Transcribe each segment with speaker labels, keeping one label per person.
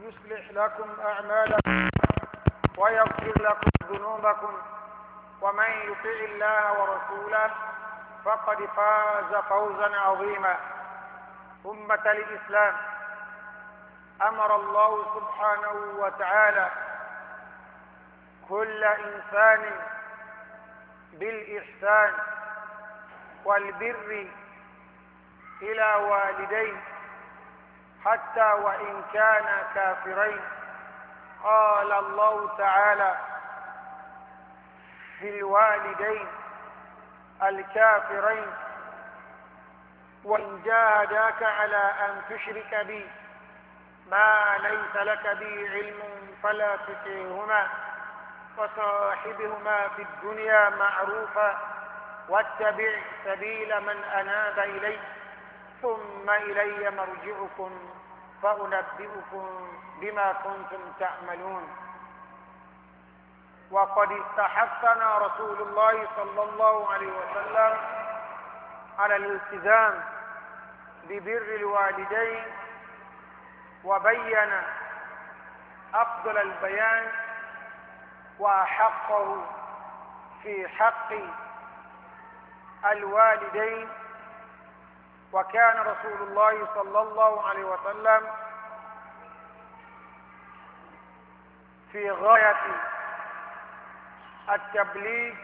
Speaker 1: يصلح لكم أعمالكم ويغفر لكم ذنوبكم ومن يطع الله ورسوله فقد فاز فوزا عظيما أمة الإسلام أمر الله سبحانه وتعالى كل إنسان بالإحسان والبر إلى والديه حتى وإن كانا كافرين قال الله تعالى الوالدين الكافرين وإن جاهداك على أن تشرك بي ما ليس لك بي علم فلا تطعهما وصاحبهما في الدنيا معروفا واتبع سبيل من أناب إلي ثم إلي مرجعكم فأنبئكم بما كنتم تعملون وقد استحقنا رسول الله صلى الله عليه وسلم على الالتزام ببر الوالدين وبين أفضل البيان وأحقه في حق الوالدين وكان رسول الله صلى الله عليه وسلم في غاية التبليغ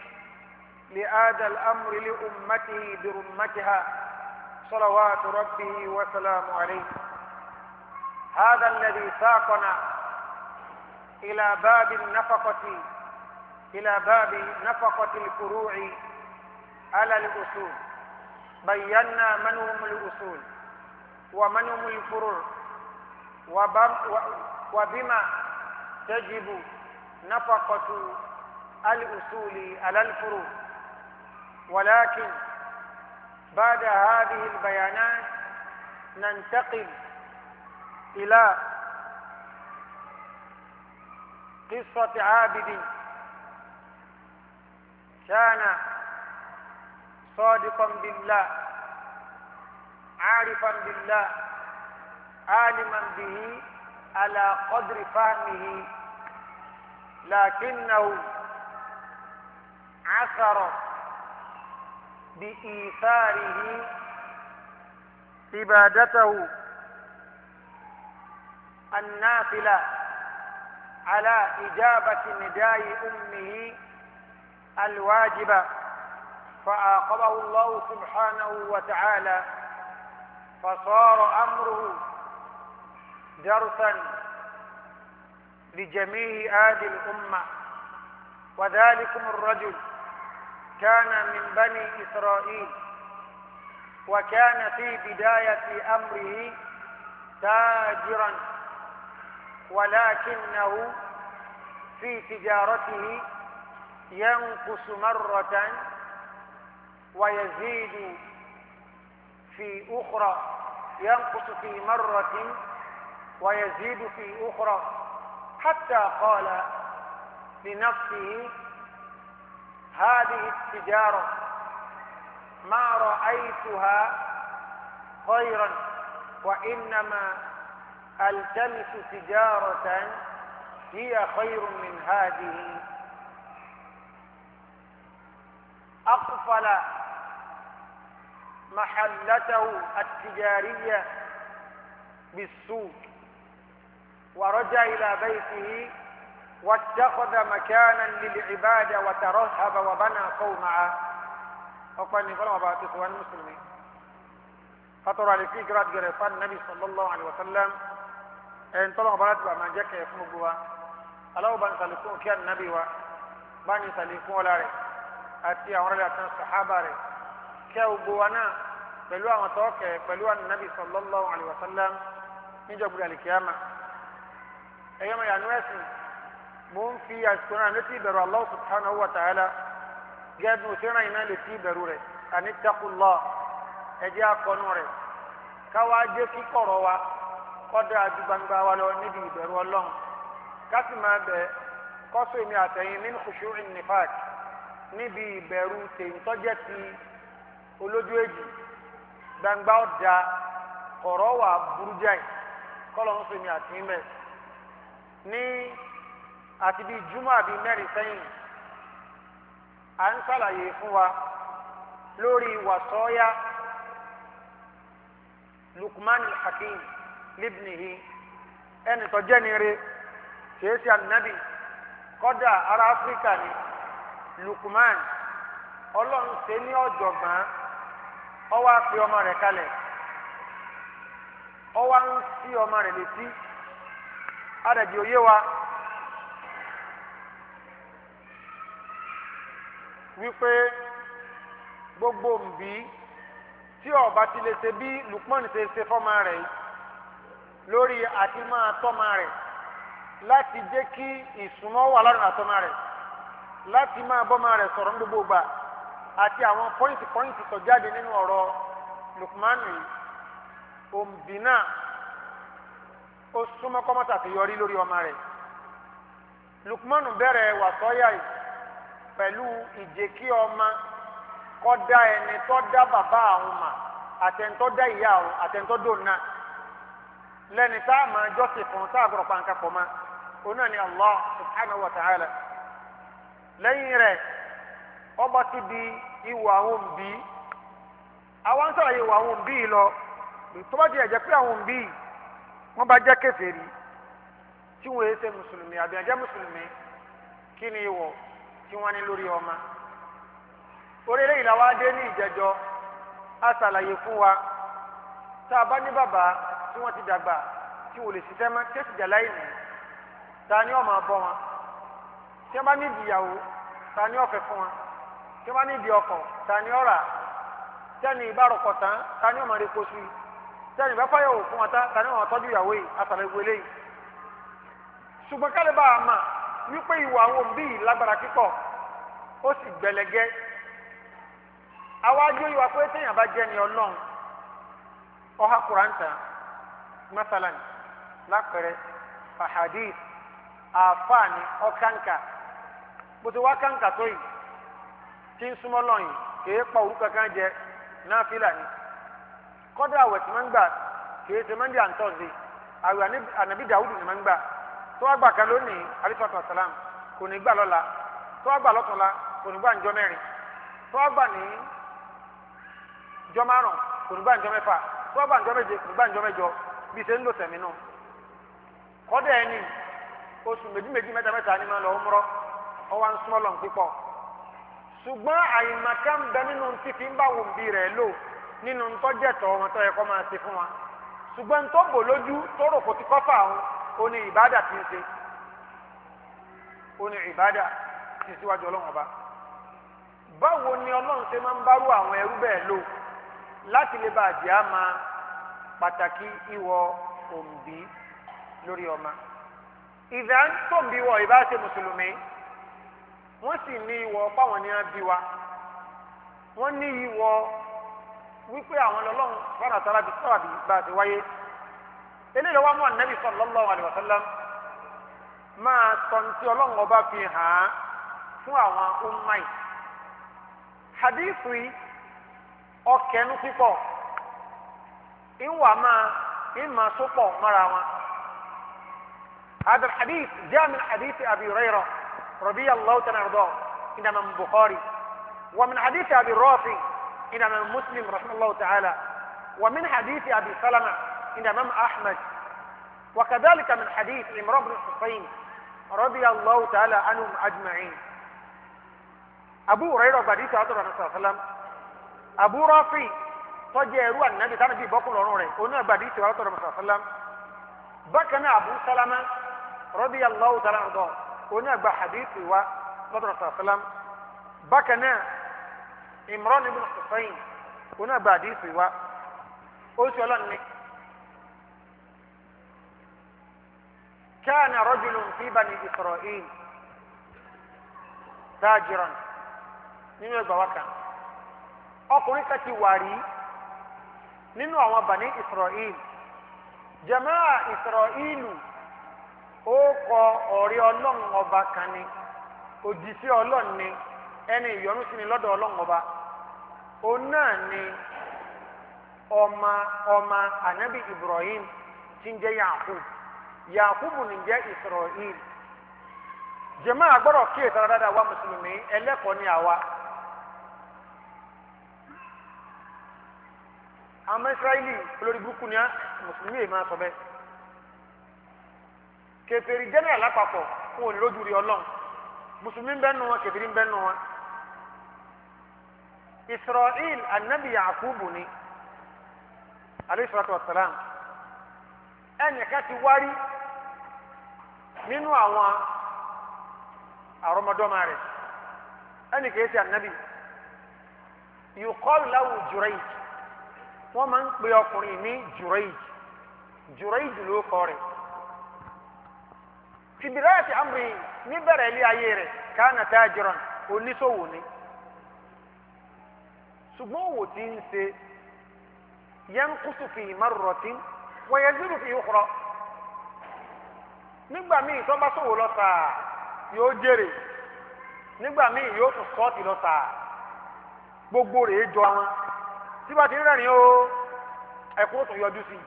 Speaker 1: لآدى الأمر لأمته برمتها صلوات ربه وسلام عليه هذا الذي ساقنا إلى باب النفقة إلى باب نفقة الفروع على الأصول بينا من هم الأصول ومن هم الفروع وبما تجب نفقة الأصول على الفروع ولكن بعد هذه البيانات ننتقل إلى قصة عابد كان صادقا بالله عارفا بالله عالما به على قدر فهمه لكنه عثر بإيثاره عبادته النافلة على إجابة نداء أمه الواجبة فعاقبه الله سبحانه وتعالى فصار امره درسا لجميع آل الامه وذلكم الرجل كان من بني اسرائيل وكان في بدايه امره تاجرا ولكنه في تجارته ينقص مره ويزيد في أخرى ينقص في مرة ويزيد في أخرى حتى قال لنفسه هذه التجارة ما رأيتها خيرا وإنما ألتمس تجارة هي خير من هذه أقفل محلته التجارية بالسوق ورجع إلى بيته واتخذ مكانا للعبادة وترهب وبنى قومه. أقول نقول أبا تسوان المسلمين فطر لفي قرات قريطان النبي صلى الله عليه وسلم إن طلع برات ما جاك يفنقوا ألو بان سالكون كان النبي بان سالكون لاري أتي أمر لأتنا الصحابة kẹ́ gbogbo wa náà pẹ̀lú àwọn tọ́ọ̀kẹ́ pẹ̀lú ànábì sallallahu alaihi wasallam níjọba àlìkíyàmà ẹ̀yọ́ mọ̀ yànú ẹ̀sìn mò ń fi àsìkò náà létí ìbẹ̀rù Allah subhanahu wa ta'ala gẹ́gẹ́ bí òṣèré iná létí ìbẹ̀rù rẹ̀ àní taqullah ẹ̀jẹ̀ akọnu rẹ̀ káwa jẹ́ kíkọ̀rọ̀ wa kọ́dà àti gbangba wa lọ níbi ìbẹ̀rù ọlọ́run kásì máa bẹ kọ́sọ̀ èmi àtẹ̀yìn min khushu'in nifaq níbi ìbẹ̀rù tèǹtọ́jẹ́ ti olójú èjì gbangba ọ̀dà ọrọ wà burú jáì kọ́lọ̀ ń sèmi àti mẹ́ ní àti bíi júmọ́ àbí mẹ́rin sẹ́yìn à ń sàlàyé fún wa lórí wàsọ́ọ́yá Lukman Hakim libnihi ẹnì tó jẹ́ nire kìí ṣe ànábì kọ́dà Áfíríkà ni Lukman ọlọ́run ṣe ní ọ̀jọ̀gbọ́n. ọwọ́ àpè ọmọ rẹ̀ kalẹ̀ ọwọ́ ń sí ọmọ rẹ̀ létí òye wa wípé gbogbo nbí tí ọba ti lè ṣe bí Lukman ṣe ṣe fọ́mọ lórí àti máa tọ́mọ láti jẹ́ kí wà lọ́rùn àtọ́mọ láti máa bọ́mọ sọ̀rọ̀ gbogbo gbà. àti àwọn pọ́ìntì pọ́ìntì tó jáde nínú ọ̀rọ̀ Lukmanu òǹbí náà ó súnmọ́ kọ́mọ́tà fi yọrí lórí ọmọ rẹ̀ Lukmanu bẹ̀rẹ̀ wàsọ́yà yìí pẹ̀lú ìjẹ́ kí ọmọ kọ́ da ẹni tó dá bàbá àwọn mà àtẹ̀ntọ́ dá ìyá àwọn àtẹ̀ntọ́ dòna lẹ́ni tá a máa jọ́sìn fún tá a gbọ́dọ̀ pa nǹkan pọ̀ mọ́ òun Allah subhanahu wa ta'ala lẹ́yìn rẹ̀ ọba ti di ìwà àwọn òbí àwọn ń sọ̀rọ̀ ìwà àwọn òbí lọ tó bá ti ẹ̀jẹ̀ pé àwọn òbí wọ́n bá jẹ́ kèfèrí tí wọ́n yé ṣe mùsùlùmí àbí ẹ̀jẹ̀ mùsùlùmí kí ni ìwọ̀ tí wọ́n ní lórí ọmọ orí eléyìí làwọn adé ní ìjẹjọ a ṣàlàyé fún wa tá a bá ní bàbá tí wọ́n ti dàgbà tí wọ́n lè ṣiṣẹ́ mọ́ tí ó sì jà láì nìyí ta ni ó máa wọn tí wọ́n bá ní ìdìyàwó ta ni ó fún wọn tí wọ́n ní ìdí ọkọ̀ tani ọ̀rà tẹ́ni ìbárọ̀kọ̀ tán tani ọmọ rẹ̀ kó sí i tẹ́ni ìbá fáyọ̀ fún wọn tán tani ọmọ tọ́jú ìyàwó yìí àtàlẹ́ ìwé lẹ́yìn. ṣùgbọ́n kálí bá a mà wípé ìwà àwọn òbí yìí lágbára kíkọ̀ ó sì gbẹlẹgẹ́ awájú ìwà pé téèyàn bá jẹ́ ni ọlọ́run ọha kùrántà masalan lápẹ̀rẹ̀ ahadith àfáàní ọkànkà bó wá kànkà tó yìí tí ń súnmọ́ lọ́yìn kìí pa òru kankan jẹ na ni kọ́dà àwẹ̀ tí máa ń gbà kìí ṣe mọ́ndé àwẹ̀ ànàbí ni máa ń gbà tó wá gbà kan lónìí alifatu wasalam kò ní gbà lọ́la tó wá gbà lọ́tọ̀la kò ní gbà mẹ́rin tó gbà ní márùn kò ní gbà mẹ́fà tó gbà méje kò ní ṣùgbọ́n àyìnmàkà ń bẹ nínú tí fi ń bá wọn bí rẹ̀ lò nínú tọ́jẹ̀tọ̀ wọn tó yẹ kó máa ṣe fún wa ṣùgbọ́n tó bò lójú tó rò kò ti kọ́fà òun ó ní ìbádà ti ń ṣe ó ní ìbádà ti síwájú ọlọ́run ọba báwo ni ọlọ́run ṣe máa ń bárú àwọn ẹrú bẹ́ẹ̀ lò láti lè bá àjẹ́ á pàtàkì ìwọ òǹbí lórí ọmọ ìdá tó ń bí wọ ìbá ṣe mùsùlùmí wọ́n sì ní ìwọ páwọn ní á bí wa wọ́n ní ìwọ wípé àwọn lọ́lọ́run fọ́nà tààrà bí sábà bí bá a ti wáyé eléyìí wọ́n mú ànábì sallallahu alaihi wasallam máa sọ tí ọlọ́run ọba fi hàn án fún àwọn ummai hadithu yìí pípọ̀ ìwà máa ìmà sópọ̀ mọ́ra wọn. هذا الحديث جاء من حديث أبي هريرة رضي الله تعالى عنه إنما امام بخاري ومن حديث أبي الرافع إن إمام مسلم رحمه الله تعالى ومن حديث أبي سلمة إن إمام أحمد وكذلك من حديث عمران بن الحصين رضي الله تعالى عنهم أجمعين أبو هريرة بديت أدرى النبي صلى الله عليه وسلم أبو رافي تجيروا النبي كان في بقول ونوري أنا بديت أدرى صلى الله عليه وسلم بكنا أبو سلمة رضي الله تعالى عنه oní àgbà hadithi wa lọ́dọ̀ sàlám bákan náà Imran ibn Husayn oní àgbà hadithi wa ó sì ọlọ́run ní. كان رجل في بني إسرائيل تاجرا nínú ẹgbàá wa kan ọkùnrin kan ti wà rí nínú àwọn bani Israel jamaa Israelu ó kọ ọ̀rẹ́ ọlọ́run ọba kan ni òjìṣẹ́ ọlọ́run ni ẹni ìyọnu sí ni lọ́dọ̀ ọlọ́run ọba òun náà ni ọmọ ọmọ anabi Ibrahim ti ń Yahoo. Yahoo Yakub ni jẹ́ Israel jẹ̀mọ́ àgbọ̀rọ̀ kí ètò ọ̀dàdà wa mùsùlùmí ẹlẹ́kọ̀ọ́ ni àwa. àmọ́ Israẹli olórí burúkú ni mùsùlùmí yìí máa sọ kèfèrí jẹ́nẹ̀rẹ̀ lápapọ̀ fún òní lójú rí ọlọ́run mùsùlùmí bẹ́ẹ̀ nù wọn kèfèrí bẹ́ẹ̀ nù wọn. israel anabi yakubu ni alayhi salatu wa salam ẹnìkan ti wárí nínú àwọn àrọmọdọ́mọ rẹ̀ ẹnì kìí ṣe ànábì yukọ́lù láwù jùrẹ́yìj wọ́n máa ń pe ọkùnrin ní jùrẹ́yìj jùrẹ́yìj ló kọ́ rẹ̀ fi bidayati amri ní bẹ̀rẹ̀ ilé ayé rẹ̀ kana tajiran oníṣòwò ni ṣùgbọ́n òwò tí ń ṣe yanqusu fi marratin wa yazidu fi ukhra nígbà míì tó bá ṣòwò lọ sáà yóò jèrè nígbà míì yóò tún sọ́ọ̀tì lọ gbogbo rẹ̀ jọ wọn tí bá ti ń o ẹ̀kún tún yọjú sí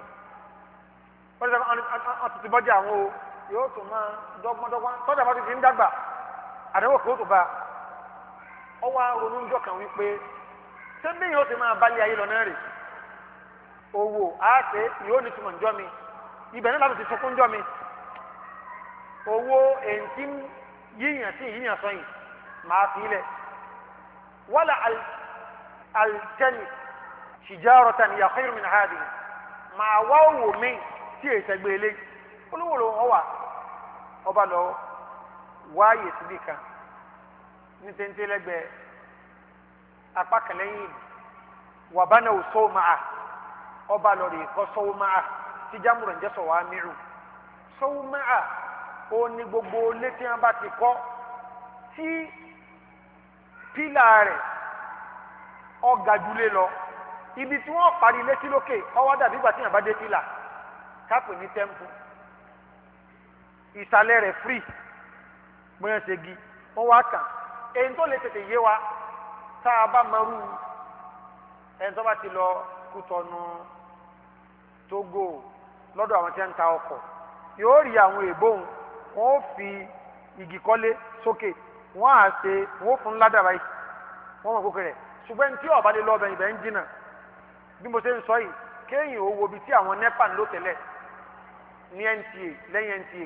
Speaker 1: i wọ́n ti ti bọ́jà àwọn o yóò tún máa dọ́gbọ́ndọ́gbọ́n tọ́jà bá ti fi ń dàgbà àdéhùn kí ó tún bá ọ wá ronú ń jọkàn wípé sẹ́ńdé yóò ti máa balẹ̀ ayé lọ náà rè owó àáṣe yóò ní túmọ̀ njọ́ mi ibẹ̀ náà láti ti sọkún njọ́ mi owó èntì yíyàn sí yíyàn sọyìn màá fi ilẹ̀ wala altani shijaratan ya khairu min hadi màá wá owó mi tí èsẹ̀ gbé eléyìí olówó ló ń wà ọba lọ wáyè síbi kan ní téńté lẹ́gbẹ̀ẹ́ apá kan lẹ́yìn wà bá náà sọ máa ọba lọ rè kọ́ sọ́wọ́ máa tí jámùrọ̀ ń jẹ́ sọ̀wọ́ amírù sọ́wọ́ máa ó ní gbogbo létí wọn bá ti kọ́ tí pílà rẹ̀ ọ̀gá jùlé lọ ibi tí wọ́n parí létí lókè ọwọ́ dàbí ìgbà tí yàn bá dé pílà káàpù ní tẹ́ḿpù ìsàlẹ̀ rẹ̀ free bóyá segi, gi wọ́n wá kàn èyí tó lè tètè yé wa tá a bá mọrú ẹni tó bá ti lọ Kútọ̀nù Tógò lọ́dọ̀ àwọn tí wọ́n ń ta ọkọ̀ yóò rí àwọn èèbóhùn wọ́n ó fi igi kọ́lé sókè wọ́n á ṣe wọ́n ó fún ládàbà yìí wọ́n mọ̀ kókè rẹ̀ ṣùgbọ́n tí ọ̀bá lè lọ ọbẹ̀ ibẹ̀ ń jìnnà bí mo ṣe ń sọ yìí kéèyàn ó wo ibi tí àwọn nepa ń lò tẹ́lẹ̀ ní NTA lẹ́yìn NTA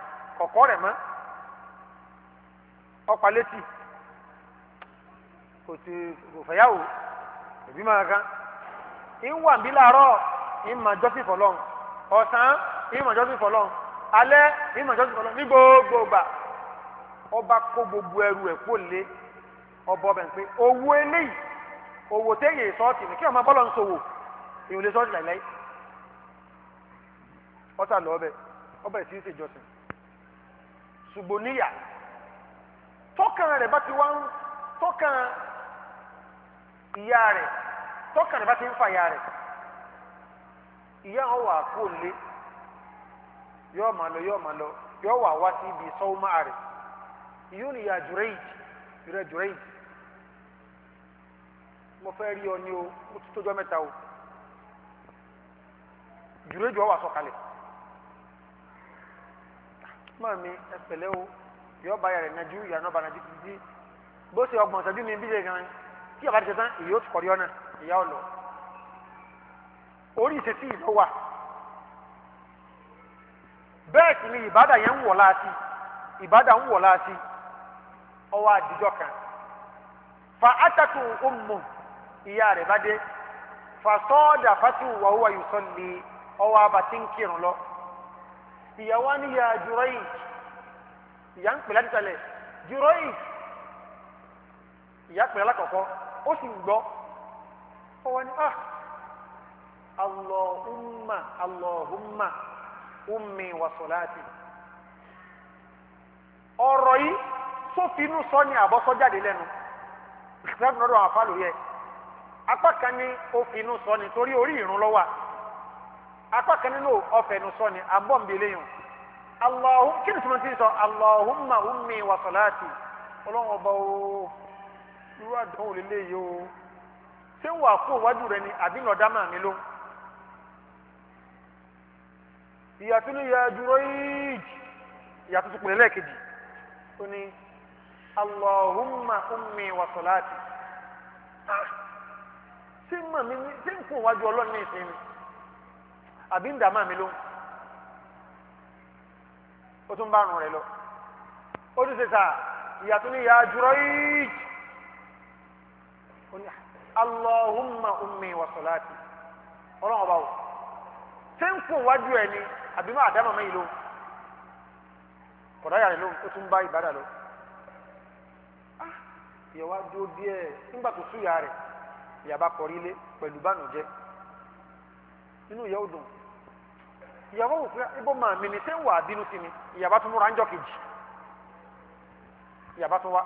Speaker 1: kọ̀kọ́ rẹ̀ mọ́ ọ̀pá leti, kò tù kò kan bí láàárọ̀ ń jọ́sìn fọlọ́n ọ̀sán jọ́sìn fọlọ́n alẹ́ jọ́sìn fọlọ́n ní gbogbo gbà ọba kó gbogbo ẹrù ẹ̀ kó lé ọba ọbẹ̀ pé owó eléyìí owó sọ́ọ̀tì sugboniya níyà tọ́kàn ti nfa ń tọ́kàn ìyá rẹ̀ tọ́kàn rẹ̀ bá ti ń fa ìyá rẹ̀ ìyá wọn wà ma lé yóò máa lọ yóò máa lọ yóò wà wá sí ibi sọ́wọ́ o mo ti o ọ So mọ́ mi ẹ pẹ̀lẹ́ o yọ ọba yàrá ìnajú ìyànà ọba ìnajú títí bó ṣe ọgbọ̀n ṣẹ́jú mi bílẹ̀ gan tí ọba ti ṣe tán èyí ó ti kọ̀rí ọ̀nà ìyá ọ̀lọ́ orí ìṣesí ìlú wà bẹ́ẹ̀ sì ni ìbádà yẹn ń wọ̀ láti ìbádà ń wọ̀ láti ọwọ́ àdìjọ́ kan fa atatu ummu ìyá rẹ̀ bá dé fa sọ́ọ̀dà fatu wàhùwà yusalli ọwọ́ abatí ń kírun lọ ìyàwó á ní ya Jurayj ìyá ń pè ládìsálẹ̀ Jurayj ìyá pè lákọ̀ọ́kọ́ ó sì gbọ́ ó wá ní ah allahumma allahumma ummi wa salati ọ̀rọ̀ yìí sófinú sọ ni àbọ̀sọ jáde lẹ́nu ìṣẹ́gun lọ́dọ̀ àwọn apá kan ní ó sọ ni torí orí ìrún lọ́wọ́ akpa kan nínú ọfẹ ní sọ ni abọ́ ń bèlè yìí alahum kí ni tí mo ti sọ alahumma ummi wa salati ọlọ́run ọba o irú àdánwò lélẹ́yìí o ṣé wàá kó wájú rẹ ni àbí nọ̀dá màá mi lóhùn. ìyàtú ni yàdúró yíjì ìyàtú tó pèlè lẹ́ẹ̀kejì ó ní allahumma ummi wa salati ah! ṣé màmí ṣé n kò wájú ọlọ́run ìsinmi. àbí ń dààmú àmì lóhùn ó tún bá àrùn rẹ̀ lọ ó tún ṣe sà ìyá tún ní ìyá Jurayj allahumma ummi wa salati ọlọ́run ọba o ṣé ń kó wájú ẹ ni àbí má àdámọ̀ mẹ́yìn lóhùn kọ̀dáyà rẹ̀ lóhùn ó tún bá ìbádà lọ ah, ìyá wa díẹ̀ nígbà tó súyà rẹ̀ ya bá kọrí ilé pẹ̀lú bánújẹ́ inú ìyá dùn ìyàwó wò fún ibo maa mi ni sẹ́ ń wà á bínú sí mi ìyàbá tún múra ń jọ kejì ìyàbá tún wá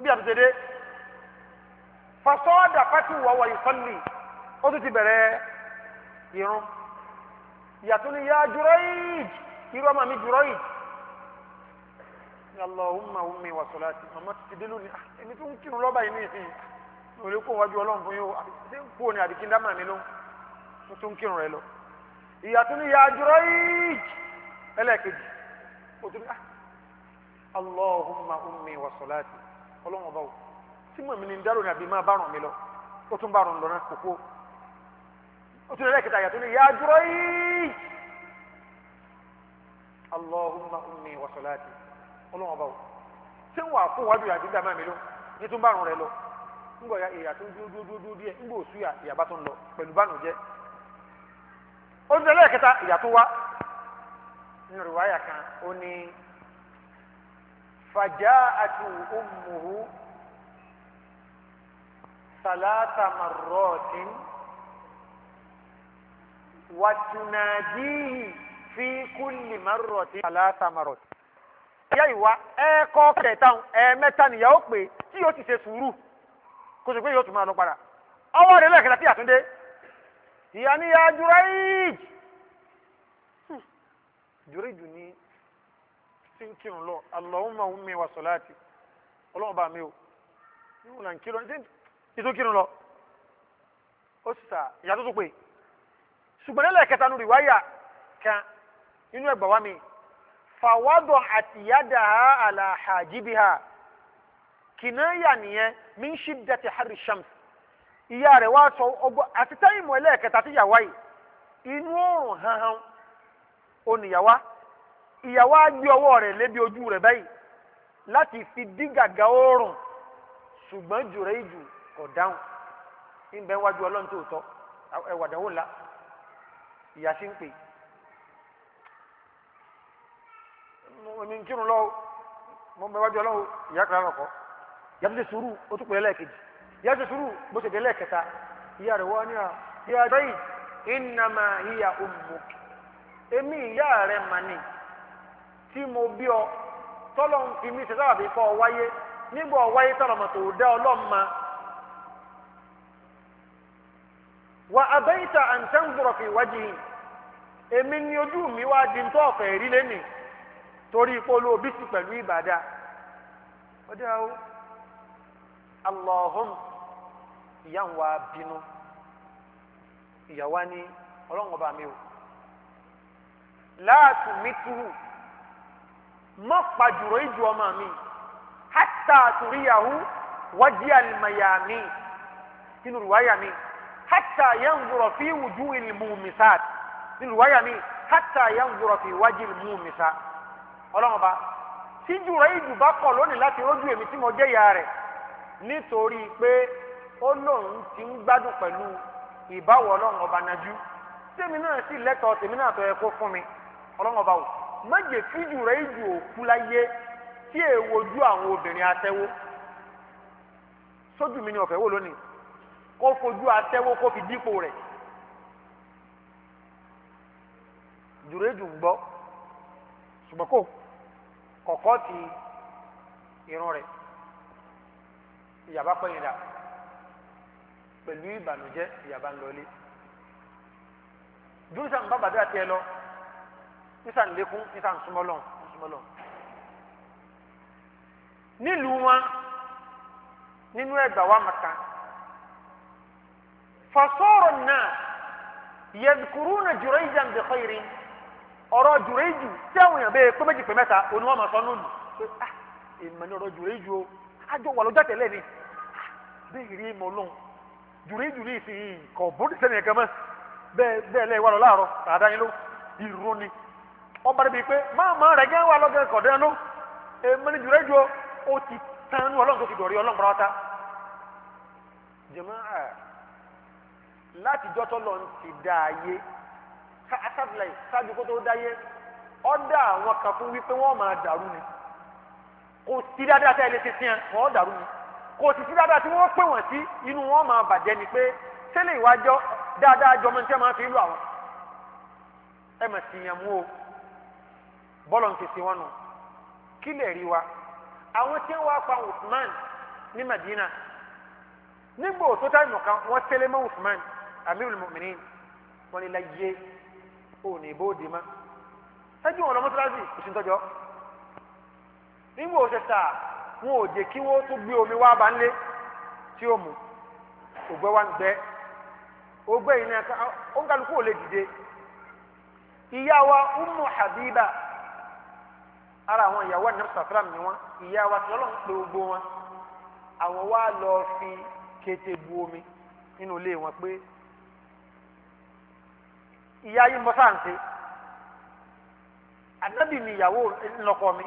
Speaker 1: bí àti dédé fasọ́ọ̀dà pátì wà wà yusalli ó tún ti bẹ̀rẹ̀ irun ìyàtọ̀ ni yá Jurayj irú ọmọ mi Jurayj Allahumma ummi wa salati màmá ti dé lónìí ẹni ah, tó ń kírun lọ́ba yìí ní ìsìn òun lè kó wájú ọlọ́run fún yóò ṣé kúrò ní àdìkíndá màmí ló ń kírun rẹ lọ. ìyá tó ní ya Jurayj ẹlẹ́ẹ̀kejì ó tún ní ah allahumma ọlọ́run ọba o tí mo ní dárò ní àbí máa bá ràn mí lọ ó tún bá ràn kókó ya Jurayj allahumma ummi ọlọ́run ọba o tí fún wájú mi lọ ní tún bá ràn rẹ lọ ń gbọ́ dúdú díẹ̀ oṣù ẹlẹ́ẹ̀kẹta ìyàtọ̀ wa nínú rìwáyà kan ó ní faja'atu ummuhu salata marratin wa tunadihi fi kulli marratin salata marratin. ìyá ìwà ẹ̀ẹ́kọ́ kẹta ẹ̀ẹ́mẹ́ta nìyàwó pé tí yóò ti ṣe sùúrù kó sì pé yóò tún máa lọ padà ọwọ́ rẹ̀ lẹ́ẹ̀kẹta tí àtúndé ìyá ní ya jùrẹ́yìj hmm. jùrẹ́yìj ní sínkìrún lọ Allahumma ummi wa salati ọlọ́run bá mi o níwọ̀n là ń kírun ní ìtókírun lọ ó sì sà ìyá tó tó pé ṣùgbọ́n nílẹ̀ kẹta nù rìwáyà kan inú ẹgbà wa mi fàwádọ̀ àtìyádà àlàhàjìbìhà kìnnìyà nìyẹn min shiddati harri shams iya rẹ̀ wa sọ ọgbọ́ àti táyìmù ẹlẹ́ẹ̀kẹta tí yàwá yìí inú oòrùn hanhan oníyàwá ìyàwó gbé ọwọ rẹ̀ lébi ojú rẹ̀ báyìí láti fi dí gàgà oòrùn ṣùgbọ́n jù rẹ̀ jù kò dáhùn níbẹ̀ wájú ọlọ́run tó tọ́ ẹwà dánwò ńlá ìyá sí ń pè mo bẹ wájú ọlọ́run ìyá kan lọ́kọ́ ìyá tó sùúrù ó tún pè é ìyá ṣe sùúrù bó ṣe délẹ̀ kẹta ìyá rẹ̀ wọ́n ní à ìyá bẹ́yì ìnàmà ìyá òmùmù èmi ìyá rẹ̀ mà ní tí mo bí ọ tọ́lọ́ ń fi mí ṣe sábàbí kọ́ ọ wáyé nígbà ọ wáyé tọ́lọ́ mọ̀ tó dá ọlọ́mọ wa abẹ́yìtà àǹtẹ́ǹ gbọ́rọ̀ fi wájú yìí èmi ni ojú mi wá di ń tọ́ ọ̀fẹ́ rí lẹ́nìí torí ipò olóòbí sí pẹ̀lú ìbàdà. ó dáa Allahumma ìyá ń wá bínú ìyá wa ní ọlọ́run ọba mi o láàtú mi túhù mọ́ pàjùrọ̀ ìjù ọmọ mi hátà àtúríyàwó wájú àlùmọ̀yà mi nínú ìwáyà mi hátà yanzura fi wùjú ìlmù mìsáàt nínú ìwáyà mi hátà yanzura fi wájú ìlmù mìsá ọlọ́run ọba tíjùrọ̀ ìjù bá kọ̀ lónìí láti rójú èmi tí mo jẹ́ ìyá rẹ̀ nítorí pé ó lóun ti ń gbádùn pẹ̀lú ìbáwọ̀ ọlọ́run ọba nájú tèmi náà sì lẹ́tọ̀ọ́ tèmi náà tọ́ ẹ kó fún mi ọlọ́run ọba wò má jẹ́ kíjù rẹ̀ ìjù òkú láyé tí è wojú àwọn obìnrin atẹ́wó sójú mi ni ọ̀fẹ́ wò lónìí kó fojú atẹ́wó kó fi dípò rẹ̀ dùrẹ́jù gbọ́ ṣùgbọ́n kò kọ̀kọ́ ti irun rẹ̀ ìyàbá pẹ́yìn pẹ̀lú ìbànújẹ́ ìyàbá ń lọlé júùsà ń bá bàdúrà tiẹ̀ lọ ìsà ń lékún ìsà ń súnmọ́ lọ́n ń súnmọ́ lọ́n nílùú wọn nínú ẹgbà wa màkà fasọ́rọ̀ náà yadkuruna jurayjan bi khairin ọ̀rọ̀ jùrẹ́jù tí àwọn èèyàn bẹ́ẹ̀ pé méjì òní wọn máa sọ nínú pé ah èèmọ̀ ni ọ̀rọ̀ jùrẹ́jù o àjọ wà lọ́jọ́ tẹ̀lé ni ah, bẹ́ẹ̀ rí mọ́ lóhùn jùlí jùlí ìsìn kọ̀ bóni sẹ́ni ẹ̀kẹ́ mọ́ bẹ́ẹ̀ bẹ́ẹ̀ lẹ́yìn wà lọ láàárọ̀ tàdá yín ló ìró ni ọba rẹ̀ bíi pé máàmá rẹ̀ gán wà lọ́gán kọ̀ dẹ́nu èmi ni jùlí jùlọ ó ti tán ní ọlọ́run tó ti dọ̀rí ọlọ́run pátá jẹ̀mọ́ à láti jọ́tọ́ lọ ti dá ayé sábìlẹ̀ sáájú kó tó dáyé ọ̀dà àwọn kan fún wípé wọ́n máa dàrú ni kò sí dáadáa tẹ́ ẹ lè ṣe sí ẹ wọ́n ni kò sì sí dáadáa tí wọ́n pè wọ́n sí inú wọn máa bàjẹ́ ni pé tẹ́lẹ̀ ìwájọ́ dáadáa jọmọ tí wọ́n máa fi lù àwọn ẹ mà sì yàn mú o bọ́lọ̀ ń tètè wọn nù kí lè rí wa àwọn tí wọ́n wá pa Usman ní Madina nígbà òtó táyì mọ̀kan wọ́n tẹ́lẹ̀ mọ́ Usman Amirul Mu'minin wọ́n ní láyé òní bóde má ẹjú wọn lọ mọ́tò láti kò sí ń tọ́jọ́ nígbà òtó wọn ò jẹ́ kí wọ́n tún gbé omi wá bá nílé tí ó mu ògbẹ́ wa ń gbẹ́ ògbẹ́ yìí náà ó ń kálukú ò lè dìde ìyá wa umu Habiba ara àwọn ìyàwó ànàmì sàfàlàm ni wọn ìyá wa tí ọlọ́run pé gbogbo wọn àwọn wa lọ fi kété bu omi nínú ilé wọn pé ìyá yìí mọ́ sáǹtì ànábì ni ìyàwó ńlọkọ mi.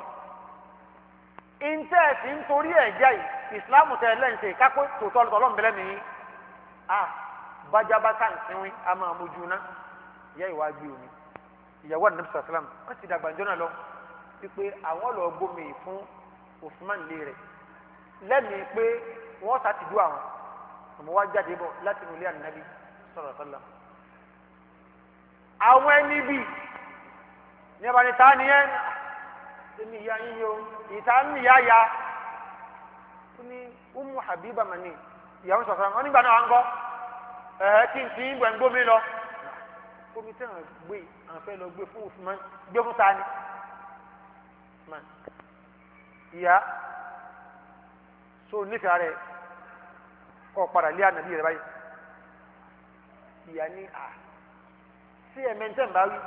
Speaker 1: ntẹ́ ti ń torí ẹ̀ jẹ́ yìí ìsìláàmù tẹ́ lẹ́ǹsẹ̀ kápẹ́ tòótọ́ lọ́lọ́run bẹ́lẹ́ mi yín a bájábá tá à ń sinwin a máa mójú ná ìyá ìwájú omi ìyàwó ànábì sàlám wọ́n ti dàgbà jọ́nà lọ wípé àwọn lọ gómi fún Usman lé rẹ̀ lẹ́mìí pé wọ́n sàtìjú àwọn àmọ́ wá jáde bọ̀ láti inú ilé sọ̀rọ̀ sọ́lá àwọn ẹni bíi ní abalẹ̀ tá a nìyẹn èmi ìyá yín yìí o ìta ń ìyá ya ó ní umu habiba mani ìyàwó sọ̀rọ̀ wọn nígbà náà wà ń gọ́
Speaker 2: ẹ̀ẹ́ kí n ti ń gbẹ̀ ń gbómi lọ
Speaker 1: omi tí àwọn gbé àwọn fẹ́ lọ gbé fún Usman gbé fún tani Usman ìyá so nífẹ̀ẹ́ rẹ̀ kọ́ padà lé ànàbí rẹ̀ báyìí ìyá ní à sí ẹ̀mẹ́ntẹ́ ń bá wí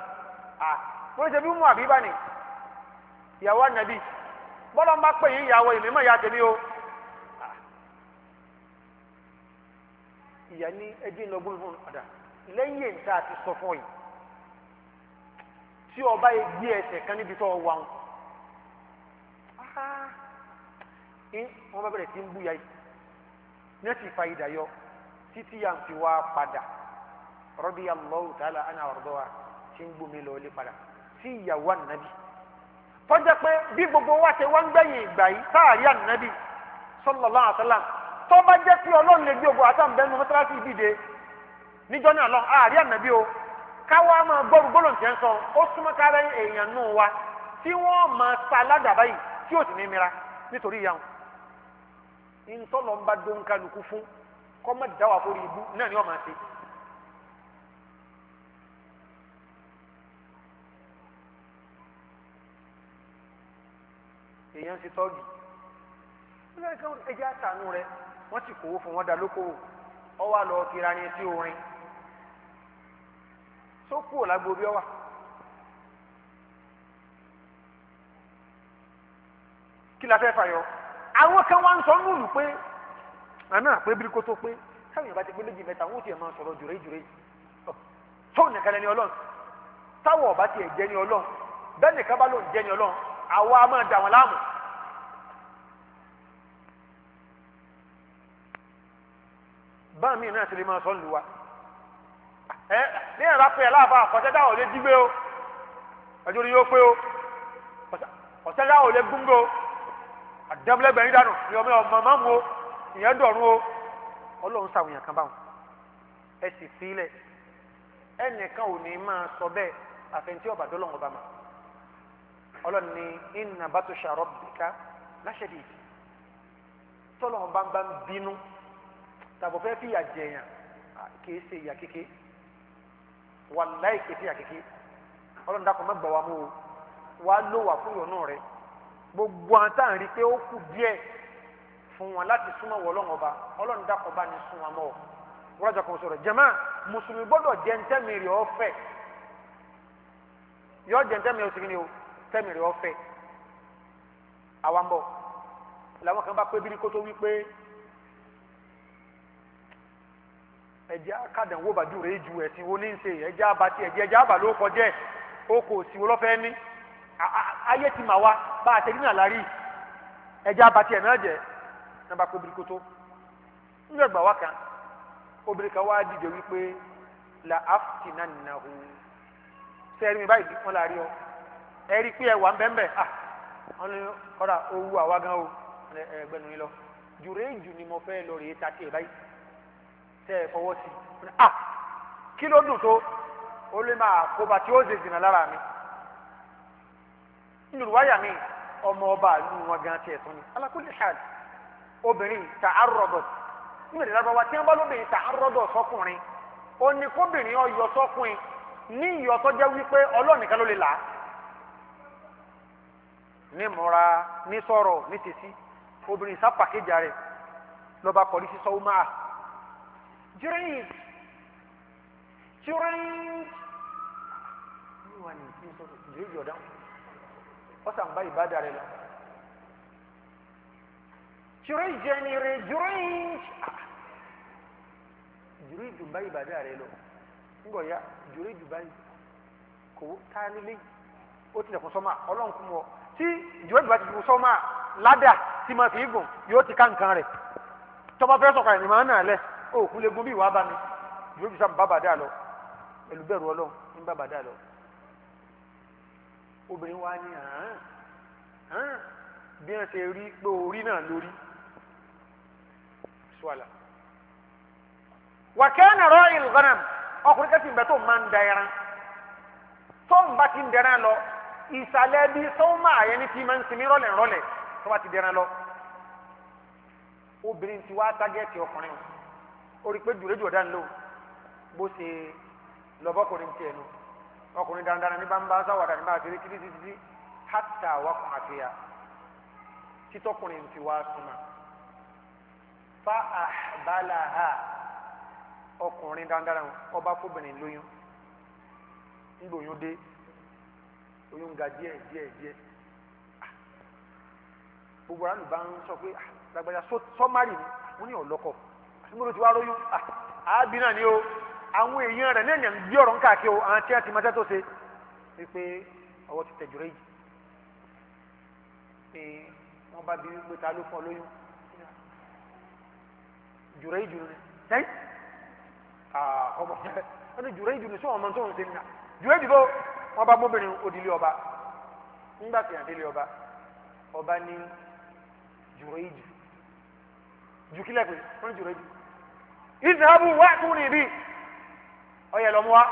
Speaker 1: à wọ́n ṣe bí mu ni ìyàwó ànàbì bọ́lá ń bá pè yín ìyàwó ìmímọ̀ ìyá tèmi o ìyá ní ẹdín lọ́gbọ́n fún ọ̀dà lẹ́yìn èyí àti sọ fún yìí tí ọba yìí gbé ẹsẹ̀ kan níbi tó wà ń wọ́n bá bẹ̀rẹ̀ sí ń bú yìí ní ti fa ìdáyọ títí yà ń fi wá padà radiyallahu ta'ala anha àrùdọ́wà tí ń gbómi lọ́ọ́lé padà sí ìyàwó ànàbì tọ́jà pé bí gbogbo wa ṣe wá ń gbẹ̀yìn ìgbà yìí sáàrí ànábì sallallahu alaihi wasallam tó bá jẹ́ pé ọlọ́run lè gbé ogun àtàǹbẹ́nu mọ́tàlásì ìdíje níjọ́ náà lọ àárí ànábì o káwa máa gbọ́rù gbọ́dọ̀ tiẹ̀ ń sọ ó súnmọ́ kárẹ́ èèyàn nù wa tí wọ́n máa sa aládàbá yìí tí ò sì ní mira nítorí ìyá wọn. ìtọ́lọ́ ń bá dóńkálukú fún kọ́mọ̀dáwà fórí ibú náà ni wọ́n máa ṣe lèyàn ṣe tọ́ọ̀gì ẹjẹ́ àtànú rẹ wọ́n sì kówó fún wọn dá lókòwò ọwọ́ àlọ́ kira ni sí orin tó kúrò lágbo bí ọ wà. kí la fẹ́ fàyọ àwọn kan wá ń sọ núùlù pé àná pé bí kótó pé sáwọn yorùbá ti gbé méjì mẹ́ta wọn ò tiẹ̀ máa sọ̀rọ̀ jùrẹ́ jùrẹ́ tó nìkan lẹni ọlọ́run táwọn ọba tiẹ̀ jẹ́ ni ọlọ́run bẹ́ẹ̀ nìkan bá lóun jẹ́ ni ọlọ́run àwa máa dà wọ́n láàmú. báà mí náà ti lè máa sọ lù ẹ ní ẹ̀rọ apẹ̀ láàbà ọ̀tẹ́dá ò lè dígbé o ọjọ́ orí yóò o ọ̀tẹ́dá ò lè gúngó àdẹ́múlẹ́gbẹ̀rin dànù ní ọmọ ọmọ máa mú o ìyẹn dọ̀rùn o ọlọ́run sàwòyàn kan báwọn ẹ sì fílẹ̀ ẹnìkan ò ní máa sọ bẹ́ẹ̀ àfẹntí ọba dọ́lọ́run ọba tàbí fẹ́ fi ìyà jẹyàn kì í ṣe ìyà kéke wàláì kì í ṣe ìyà kéke ọlọ́run dàpọ̀ mẹ́gbà wa mú o wàá lò wà fún ìyọ̀nù rẹ gbogbo àwọn tá à ń rí i pé ó kù díẹ̀ fún wọn láti súnmọ́ wọ ọlọ́run ọba ọlọ́run dàpọ̀ bá ní sún wọn mọ́ ọ wọ́lájà kan sọ̀rọ̀ jẹ́mà mùsùlùmí gbọ́dọ̀ jẹ́ ntẹ́mìrì ọ̀fẹ́ yọ jẹ́ ntẹ́mìrì ọ̀sìn ni o tẹ́mìrì àwọn bọ̀ làwọn kan bá pé bírí kótó wí pé. ẹ̀jẹ̀ akádànwó bàdúrà èjù ẹ̀sìn wo ní ń ṣe ẹ̀jẹ̀ abatí ẹ̀jẹ̀ ẹ̀jẹ̀ abà ló kọjẹ́ ó kò sí wo lọ́fẹ́ ní ayé ti mà wá bá a ṣe nínú àlárí ẹ̀jẹ̀ abatí ẹ̀ náà jẹ́ náà bá kó obìnrin kótó nígbà gbà wá kan obìnrin kan wá dìde wípé la afti náà nìyà hù sẹ́ẹ̀rì mi báyìí wọ́n la rí ọ ẹ rí pé ẹ wà ń bẹ́ẹ̀ bẹ́ẹ̀ ah wọ́n ní kọ́ra owó àwa gan o ẹgbẹ́nu yín lọ jùrẹ́jù ni mo fẹ́ lọ rèé ta tiẹ̀ báyìí tẹ́ ẹ fọwọ́ sí i ah, a kí ló dùn tó ó lè máa kóba tí ó ṣe jìnnà lára mi nùrùwáyà mi ọmọ ọba àlù wọn gan tiẹ̀ tún ni alákùnrin ṣáàd obìnrin ta arọ́dọ̀ nígbà tí lábọ́ wa tí wọ́n bá lóbìnrin ta arọ́dọ̀ sọkùnrin ó ní kóbìnrin ọyọ sọkùnrin ní ìyọ tó jẹ́ wípé ọlọ́ọ̀nìkan ló lè là á ní múra ní sọ̀rọ̀ ní tèsí obìnrin sápàkéjà rẹ̀ lọ́ba kọ̀rí sí sọ́wọ́ máa. Jurayj. Jurayj. Ní wà ní ìpín sọ́kù, Jurayj ọ̀dá. Wọ́n sàn bá ìbádà rẹ̀ lọ. Jurayj jẹ́ ní rẹ̀ Jurayj. Jurayj dùn bá ìbádà rẹ̀ lọ. Ngbọ̀ ya, Jurayj dùn báyìí. Kò tá nílé. Ó tilẹ̀ kún sọ́mà, ọlọ́run kún wọ. Tí Jurayj bá ti kún sọ́mà ládà tí ma fi gùn yóò ti ká nǹkan rẹ̀. Tọ́ba fẹ́ sọ̀kà ẹ̀ ní màá nà lẹ̀. òkú lè gun bí ìwà bá mi ìwé bí sáà bàbá dà lọ pẹ̀lú bẹ̀rù ọlọ́run ní bàbá dà lọ. obìnrin wa ní hàn hàn bí wọ́n ṣe rí pé orí náà lórí ṣùwàlà. wàkẹ́ nàró ìlànà ọkùnrin kẹ́sì ń bẹ tó máa ń da ẹran tó ń bá ti ń dẹran lọ ìsàlẹ̀ bíi sọ́wọ́n máa yẹ ní ti máa ń sinmi rọ́lẹ̀ rọ́lẹ̀ tó bá ti dẹran lọ obìnrin ti wá tágẹ́ẹ̀tì ọkùnrin o orí pé dùrẹ́jù ọ̀dà ńlò bó ṣe lọ́bọ́kùnrin tiẹ̀ nù ọkùnrin dandan ní bá ń bá sáwàdà ní bá àti rí títí títí hátà wákùn àfihàn títọ́kùnrin fi wá súnmọ́ fa àbálàhà ọkùnrin dandan ọba fóbìnrin lóyún ńgbò oyún dé oyún ga díẹ̀ díẹ̀ díẹ̀ ah. gbogbo àlùbá ń sọ pé ah, lágbàdà sọmárì ni wọn ní ọlọkọ nígbàdó ti wá lóyún ah, àábí náà ni o àwọn èèyàn rẹ̀ náà yàn gbé ọ̀rọ̀ káàkiri o àwọn tí wọ́n ti máa tẹ́tọ́ ṣe é pé ọwọ́ ti tẹ̀jú rẹ̀ yìí pé wọ́n bá bí wípé ta ló fọ́ lóyún jùrẹ́ ìjùrù ni sẹ́yìn ah, ọmọ ẹni jùrẹ́ ìjùrù sọ ọmọ tó ń ṣe nà jùrẹ́ ìdìbò wọn bá gbóbìnrin òdìlé ọba nígbà tí délé ọba ọba ní jùrẹ́ ìjù jù kílẹ̀ pé wọ́n ní jùrẹ́ ìjù ìsìlámù wá tún ní ibi ọ̀yẹ̀ lọ́mú wa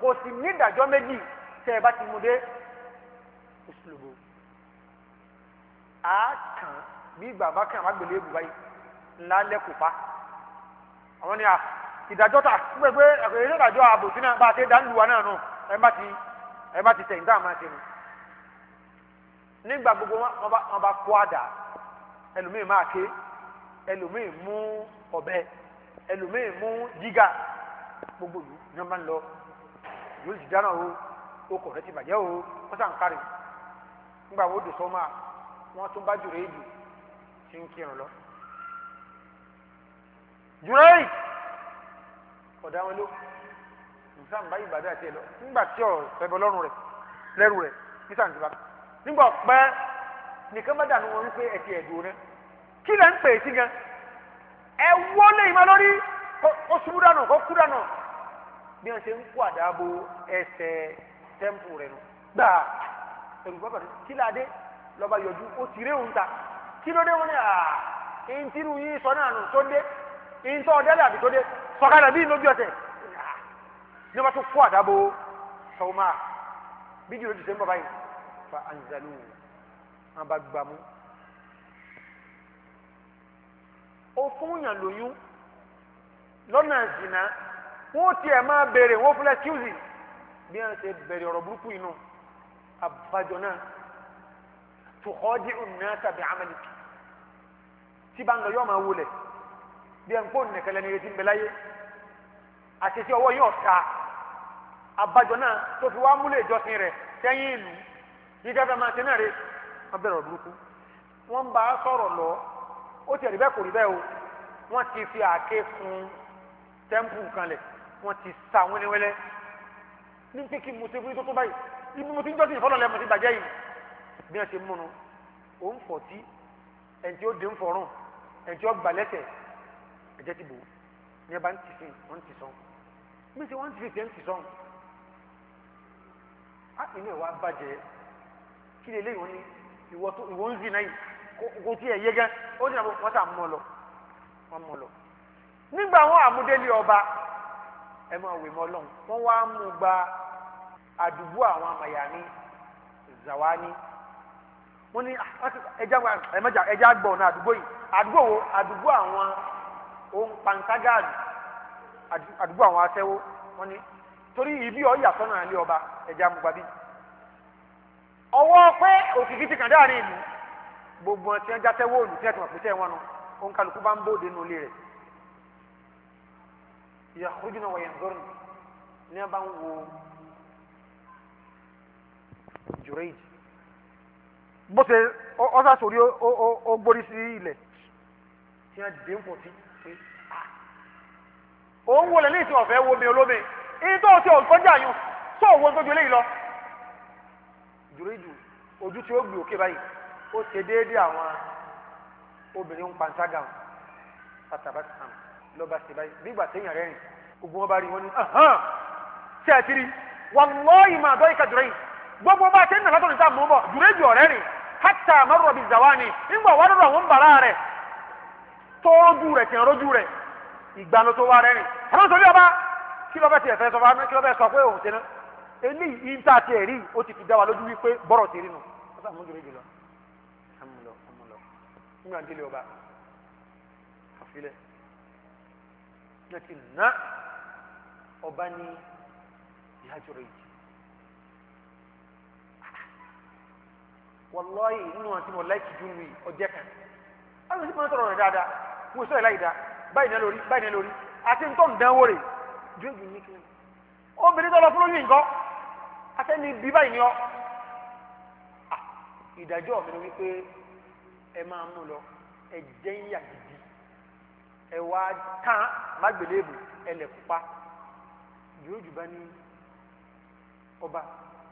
Speaker 1: kò sì ní ìdájọ́ méjì tẹ́ ẹ bá ti mú dé ìṣòlòbó a kàn bí bàbá kàn bá gbèlè èbù báyìí ńlá lẹ́kùn pa àwọn ni à ìdájọ́ ta gbẹgbẹ ẹ̀kọ́ eré ìdájọ́ ààbò sínú bá a ṣe náà nù ẹ má ti ẹ má ti tẹ̀ nígbà máa ṣe nù nígbà gbogbo wọn bá kó àdá ẹlòmíì máa ké ẹlòmíì mú ọ̀bẹ ẹlòmíì mú jígà gbogbo ìlú ni wọn bá ń lọ yóò sì dáná o o kọ̀ rẹ ti bàjẹ́ o wọ́n sàn kárì nígbà wo dò sọ́mà wọ́n tún bá jùrọ̀ èdè tí ń kírun lọ. jùrọ̀ èdè ọ̀dà wọn ló nǹkan bá ìbàdàn àti ẹ̀ lọ nígbà tí ọ̀ fẹ́bọ̀ lọ́rùn rẹ̀ lẹ́rù rẹ̀ nígbà tí bá nígbà pẹ́ nìkan bá dànù wọn wípé ẹ̀ ti ẹ̀ dùn kí lẹ́ ń pè é sí gan ẹ wọlé ìmọ̀ lórí kó ṣubú dànù kó kú dànù bí wọ́n ṣe ń kó àdàbò ẹsẹ̀ tẹ́ǹpù rẹ̀ nù gbà ẹ̀rù bàbà rẹ̀ kí ládé lọ́ba yọjú ó ti rí òun ta kí ló dé wọn ni à ń tínú yín sọ náà nù tó dé ń tọ́ ọdẹ làbí tó dé sọ̀kadà bí lójú ọ̀tẹ̀ ní wọ́n tún kó àdàbò sọ̀ọ́mà bí jùlọ jù sẹ́ ń bọ̀ báyìí fa anzalu wọn bá gbàmú ó fún yàn lóyún lọ́nà ìsìnà wọ́n tiẹ̀ máa béèrè wọ́n fúnlẹ̀ kíwìsì bí wọ́n ṣe bẹ̀rẹ̀ ọ̀rọ̀ burúkú yìí nù àbájọ náà tùkọ́dí ọ̀nà tàbí amẹ́lìkì tí bá ń lọ yọ máa wọlé bí ẹ̀ ń pò nìkẹ́lẹ́ ní etí ń bẹ àtẹ̀tí ọwọ́ yóò ta àbájọ náà tó fi wá múlẹ̀ ìjọsìn rẹ̀ sẹ́yìn ìlú yíjá fẹ́ máa ṣe náà rẹ̀ wọ́n bẹ̀rẹ̀ ọ̀rọ̀ burúkú wọ́n bá sọ̀rọ̀ lọ́ọ́ ó ti ẹ̀rí bẹ́ẹ̀ kò rí bẹ́ẹ̀ o wọ́n ti fi àáké fún tẹ́ḿpù kan lẹ̀ wọ́n ti sa wẹ́lẹ́wẹ́lẹ́ ní pé kí mo ṣe burú tó tó báyìí ibi mo ti ń jọ́sìn ìfọ́nà lẹ́mọ̀ sí bàjẹ́ yìí bí wọ́n ṣe múnu ó ń fọ̀tí ẹ̀ǹtí ó dé ń fọ̀rùn ẹ̀ǹtí ó gbà lẹ́sẹ̀ ẹ̀jẹ̀ ti bò ní ẹ bá ń ti fi wọ́n ti sọ́n bí ṣe wọ́n ti fi tẹ́ ń ti sọ́n á ìní ẹ̀ wá bàjẹ́ kí lè léyìn wọn ni ìwọ ń náà yìí kò tiẹ̀ yé gẹ́ ó ní àwọn sà mọ́ lọ wọ́n mọ́ lọ. nígbà wọn àmúdélé ọba ẹ máa wèé mọ́ lọ́hùn wọ́n wá mú gba àdúgbò àwọn amayani zawani wọ́n ní ẹja gbọ̀ náà àdúgbò yìí àdúgbò wo àdúgbò àwọn ohun pàǹtágáàdì àdúgbò àwọn aṣẹ́wó wọ́n ní torí ibi ọ̀ yàtọ̀ náà lé ọba ẹja mú gba bí. ọwọ́ pé òkìkí ti kàn dáa ìlú gbogbo wọn tí wọn jáde wóòlù tí wọn ti mọ̀ pé sẹ́yìn wọn nù ó ń kálukú bá ń bóde nù ilé rẹ̀ ìyàkójú náà wọ̀nyẹn dọ́rùn ní wọn bá ń wo jùrẹ́jì bó ṣe ọ́sà sórí ó gbórí sí ilẹ̀ tí wọn dìde ń pọ̀ sí pé òun wọlé ní ìsìn ọ̀fẹ́ wo mi olómi èyí tó ti ọ̀gbọ́njà yún tó òun tó ju eléyìí lọ jùrẹ́jù ojú tí ó gbì òkè báyìí ó ṣe déédéé àwọn obìnrin ń panṣágà wọn pátápátá lọ́ba ṣe báyìí bí ìgbà téèyàn rẹ̀ rìn gbogbo wọn bá rí wọn ní ṣé ẹ ti rí wallahi máa dọ́ ìka jùrẹ́ yìí gbogbo bá a ṣe ń nàlátọ̀ níta mú bọ̀ jùrẹ́ jù ọ̀rẹ́ rìn hátà márùn ọ̀bì zawani nígbà wà lọ́dọ̀ àwọn bàrà rẹ̀ tóójú rẹ̀ tiẹ̀ rójú rẹ̀ ìgbàlọ́ tó wà rẹ̀ rìn àwọn sọ bí ọba kí lọ́bẹ̀ tiẹ̀ fẹ́ sọ fún mi kí lọ́bẹ̀ sọ pé òun ti ná eléyìí ìta tiẹ̀ rí o ti fi dá wa lójú wípé bọ́rọ̀ ti rí nu ó sàmúlò jùrẹ́ jù lọ amúlọ amúlọ nígbà délé ọba àfilẹ náà ti ná ọba ní ìhájọ rẹ yìí wọlọ́ọ̀yì inú àti mọ̀ láìkì jù lùi ọjẹ́ kan àwọn ìsìnkú náà sọ̀rọ̀ rẹ̀ dáadáa mo sọ̀rọ̀ láì dáa báyìí náà lórí báyìí náà lórí àti ntọ́ ǹdánwó rẹ̀ ju èyí ní kí ni obìnrin tó lọ fún lóyún nǹkan àtẹni bí báyìí ni ọ ìdájọ́ mi ni wípé ẹ máa mú lọ ẹ jẹ́ ìyà gidi ẹ wá tán mágbélébù ẹ lẹ̀ pupa yóò jù bá ní ọba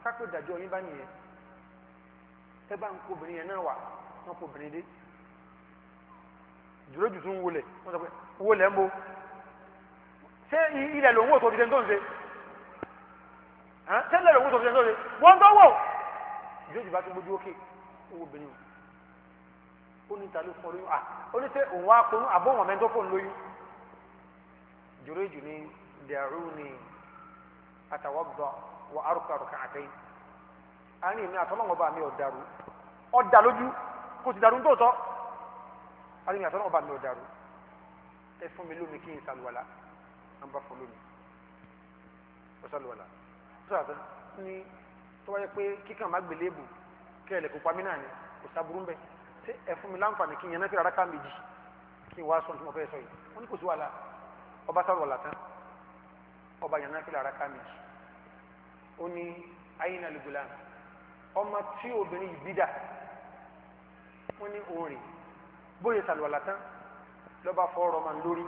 Speaker 1: kápẹ́ ìdájọ́ yín bá nìyẹn ẹ bá ń kó obìnrin yẹn náà wà wọn kó obìnrin dé dúró jù tún wọlé wọn sọ pé wọlé ń bo ṣé ilẹ̀ ló ń wò tó fi ṣe ń tó ń ṣe ṣé ilẹ̀ ló ń wò tó fi ṣe ń tó ń ṣe wọ́n tó wò dúró bá tún gbójú ókè. obìnrin ó ní ta ló fọ lóyún à ó ní sẹ òun wá kó àbọ̀ wọn lóyún jùrẹ́jù ní dẹ̀rù ní àtàwọ̀gbọ̀ wọ arúkàrúkà àtẹ́yìn àárín èmi àtọ́lọ́wọ́ mi ò dàrú lójú kò sì dàrú tóòtọ́ àárín mi ò ẹ fún mi lómi kí n sàlùwàlà à ń bá fún lómi ó sàlùwàlà ó sàlùwàlà ní pé kíkàn má kẹlẹ kó pamí náà ni kò sábúrú bẹ ṣé ẹ fún mi láǹfààní kí n yẹn náà fi rárá ká méjì kí n wá sọ nípa ọbẹ sọ yìí wọn ní kò sí wàhálà ọba sáré wàhálà tán ọba yẹn náà fi rárá ká méjì ó ní ayé náà lùgbìlà ọmọ tí obìnrin yìí bí dà wọn ní orin bóyá sàlùwàlà tán lọ́ba lórí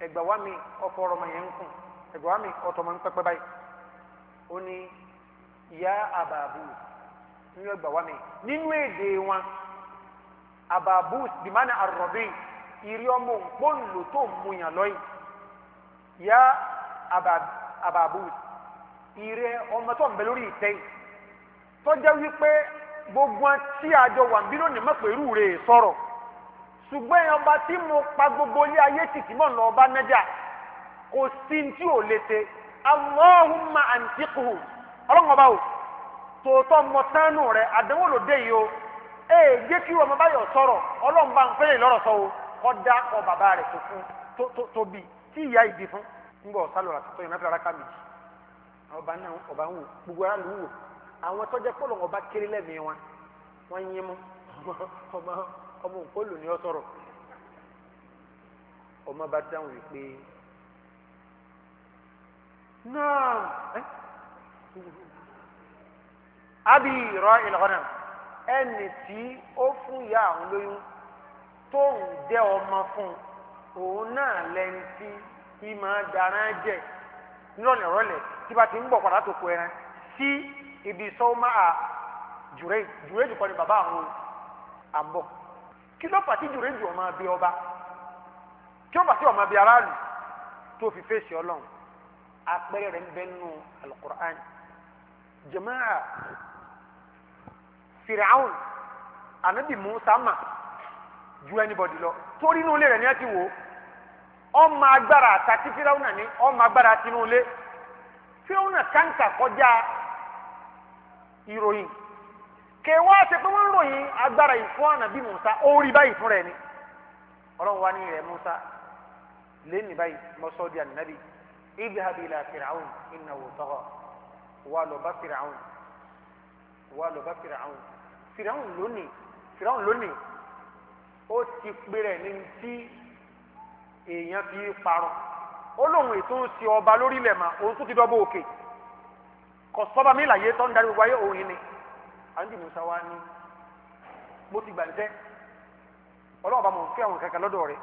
Speaker 1: ẹgbà wa mi ọkọ ma yẹn ń kùn wa mi ọtọ ma ń pẹpẹ báyìí ó ní ya ababu nínú ẹgbà wa mi nínú èdè wọn ababus bimana arọbìn ìrí ọmọ òǹkpọ́nlò tó ń múyàn lọ́yìn ya ababus ìrẹ ọmọ tó ń bẹ lórí ìtẹ́yìn tọ́jà wípé gbogbo tí àjọ wà ń bí lónìí mọ̀ pé irú rẹ̀ sọ̀rọ̀ ṣùgbọ́n èèyàn ọba tí mo pa gbogbo ilé ayé tìtì mọ̀ lọ ọba nájà kò sí tí ò lè ṣe Allahumma antiqhu ọlọ́run ọba o. tòótọ́ mọ sánú rẹ àdánwò ló o ee jẹ́ kí ọmọ báyọ̀ sọ̀rọ̀ ọlọ́run bá ń lọ́rọ̀ sọ o kọ́ dá ọ bàbá rẹ̀ tó fún tó bí tí ìyá ìdí fún ńgbọ̀ tọ́yìn gbogbo ara ló ń wò àwọn ọba kéré lẹ́mìí wọn wọ́n yín mú ọmọ ọmọ ọ abi rọ ìlọ́nà ẹni tí ó fún ìyá àwọn lóyún tóun jẹ́ ọmọ fún òun náà lẹ́ni tí ìmọ̀ dáná jẹ nírọ̀lẹ́rọ̀lẹ́ tí bá ti ń bọ̀ padà tó kó ẹran sí ibi sọ́ọ́mà à jùrẹ́ jùrẹ́ jù kọ́ ni bàbá àwọn àbọ̀ kí ló pàtí jùrẹ́ jù ọmọ abẹ́ ọba kí ló pàtí ọmọ abẹ́ aráàlú tó fi fèsì ọlọ́run àpẹẹrẹ rẹ̀ ń bẹ nínú alukur'an jẹ̀máà firaun anabi musa ma ju anybody lọ torí inú ilé rẹ̀ ni ẹ ti wò ó ọmọ agbára àtàtì firaun náà ni ọmọ agbára tinú ilé firaun náà kàńkà kọjá ìròyìn kẹwàá ṣe pé wọn ń ròyìn agbára ìfún anabi musa ó rí báyìí fún rẹ̀ ni ọlọ́run wá ní rẹ̀ musa lẹ́ni báyìí mọ́sọ́dí anabi idhhab ila firaun innahu tagha wà lọ bá firaun wà lọ bá firaun fìràhùn lónìí fìràhùn lónìí ó ti pèrè ní ti èèyàn fi parọ́ ó lóun ètò ń ṣe ọba lórílẹ̀ mà òun tún ti dọ́gbọ́ òkè kò sọ́ba mi láyé tó ń darí gbogbo ayé òun yìí ni àǹdí musa wa ni mo ti gbàǹtẹ́ ọlọ́run bá mọ̀ ń fẹ́ àwọn kankan lọ́dọ̀ rẹ̀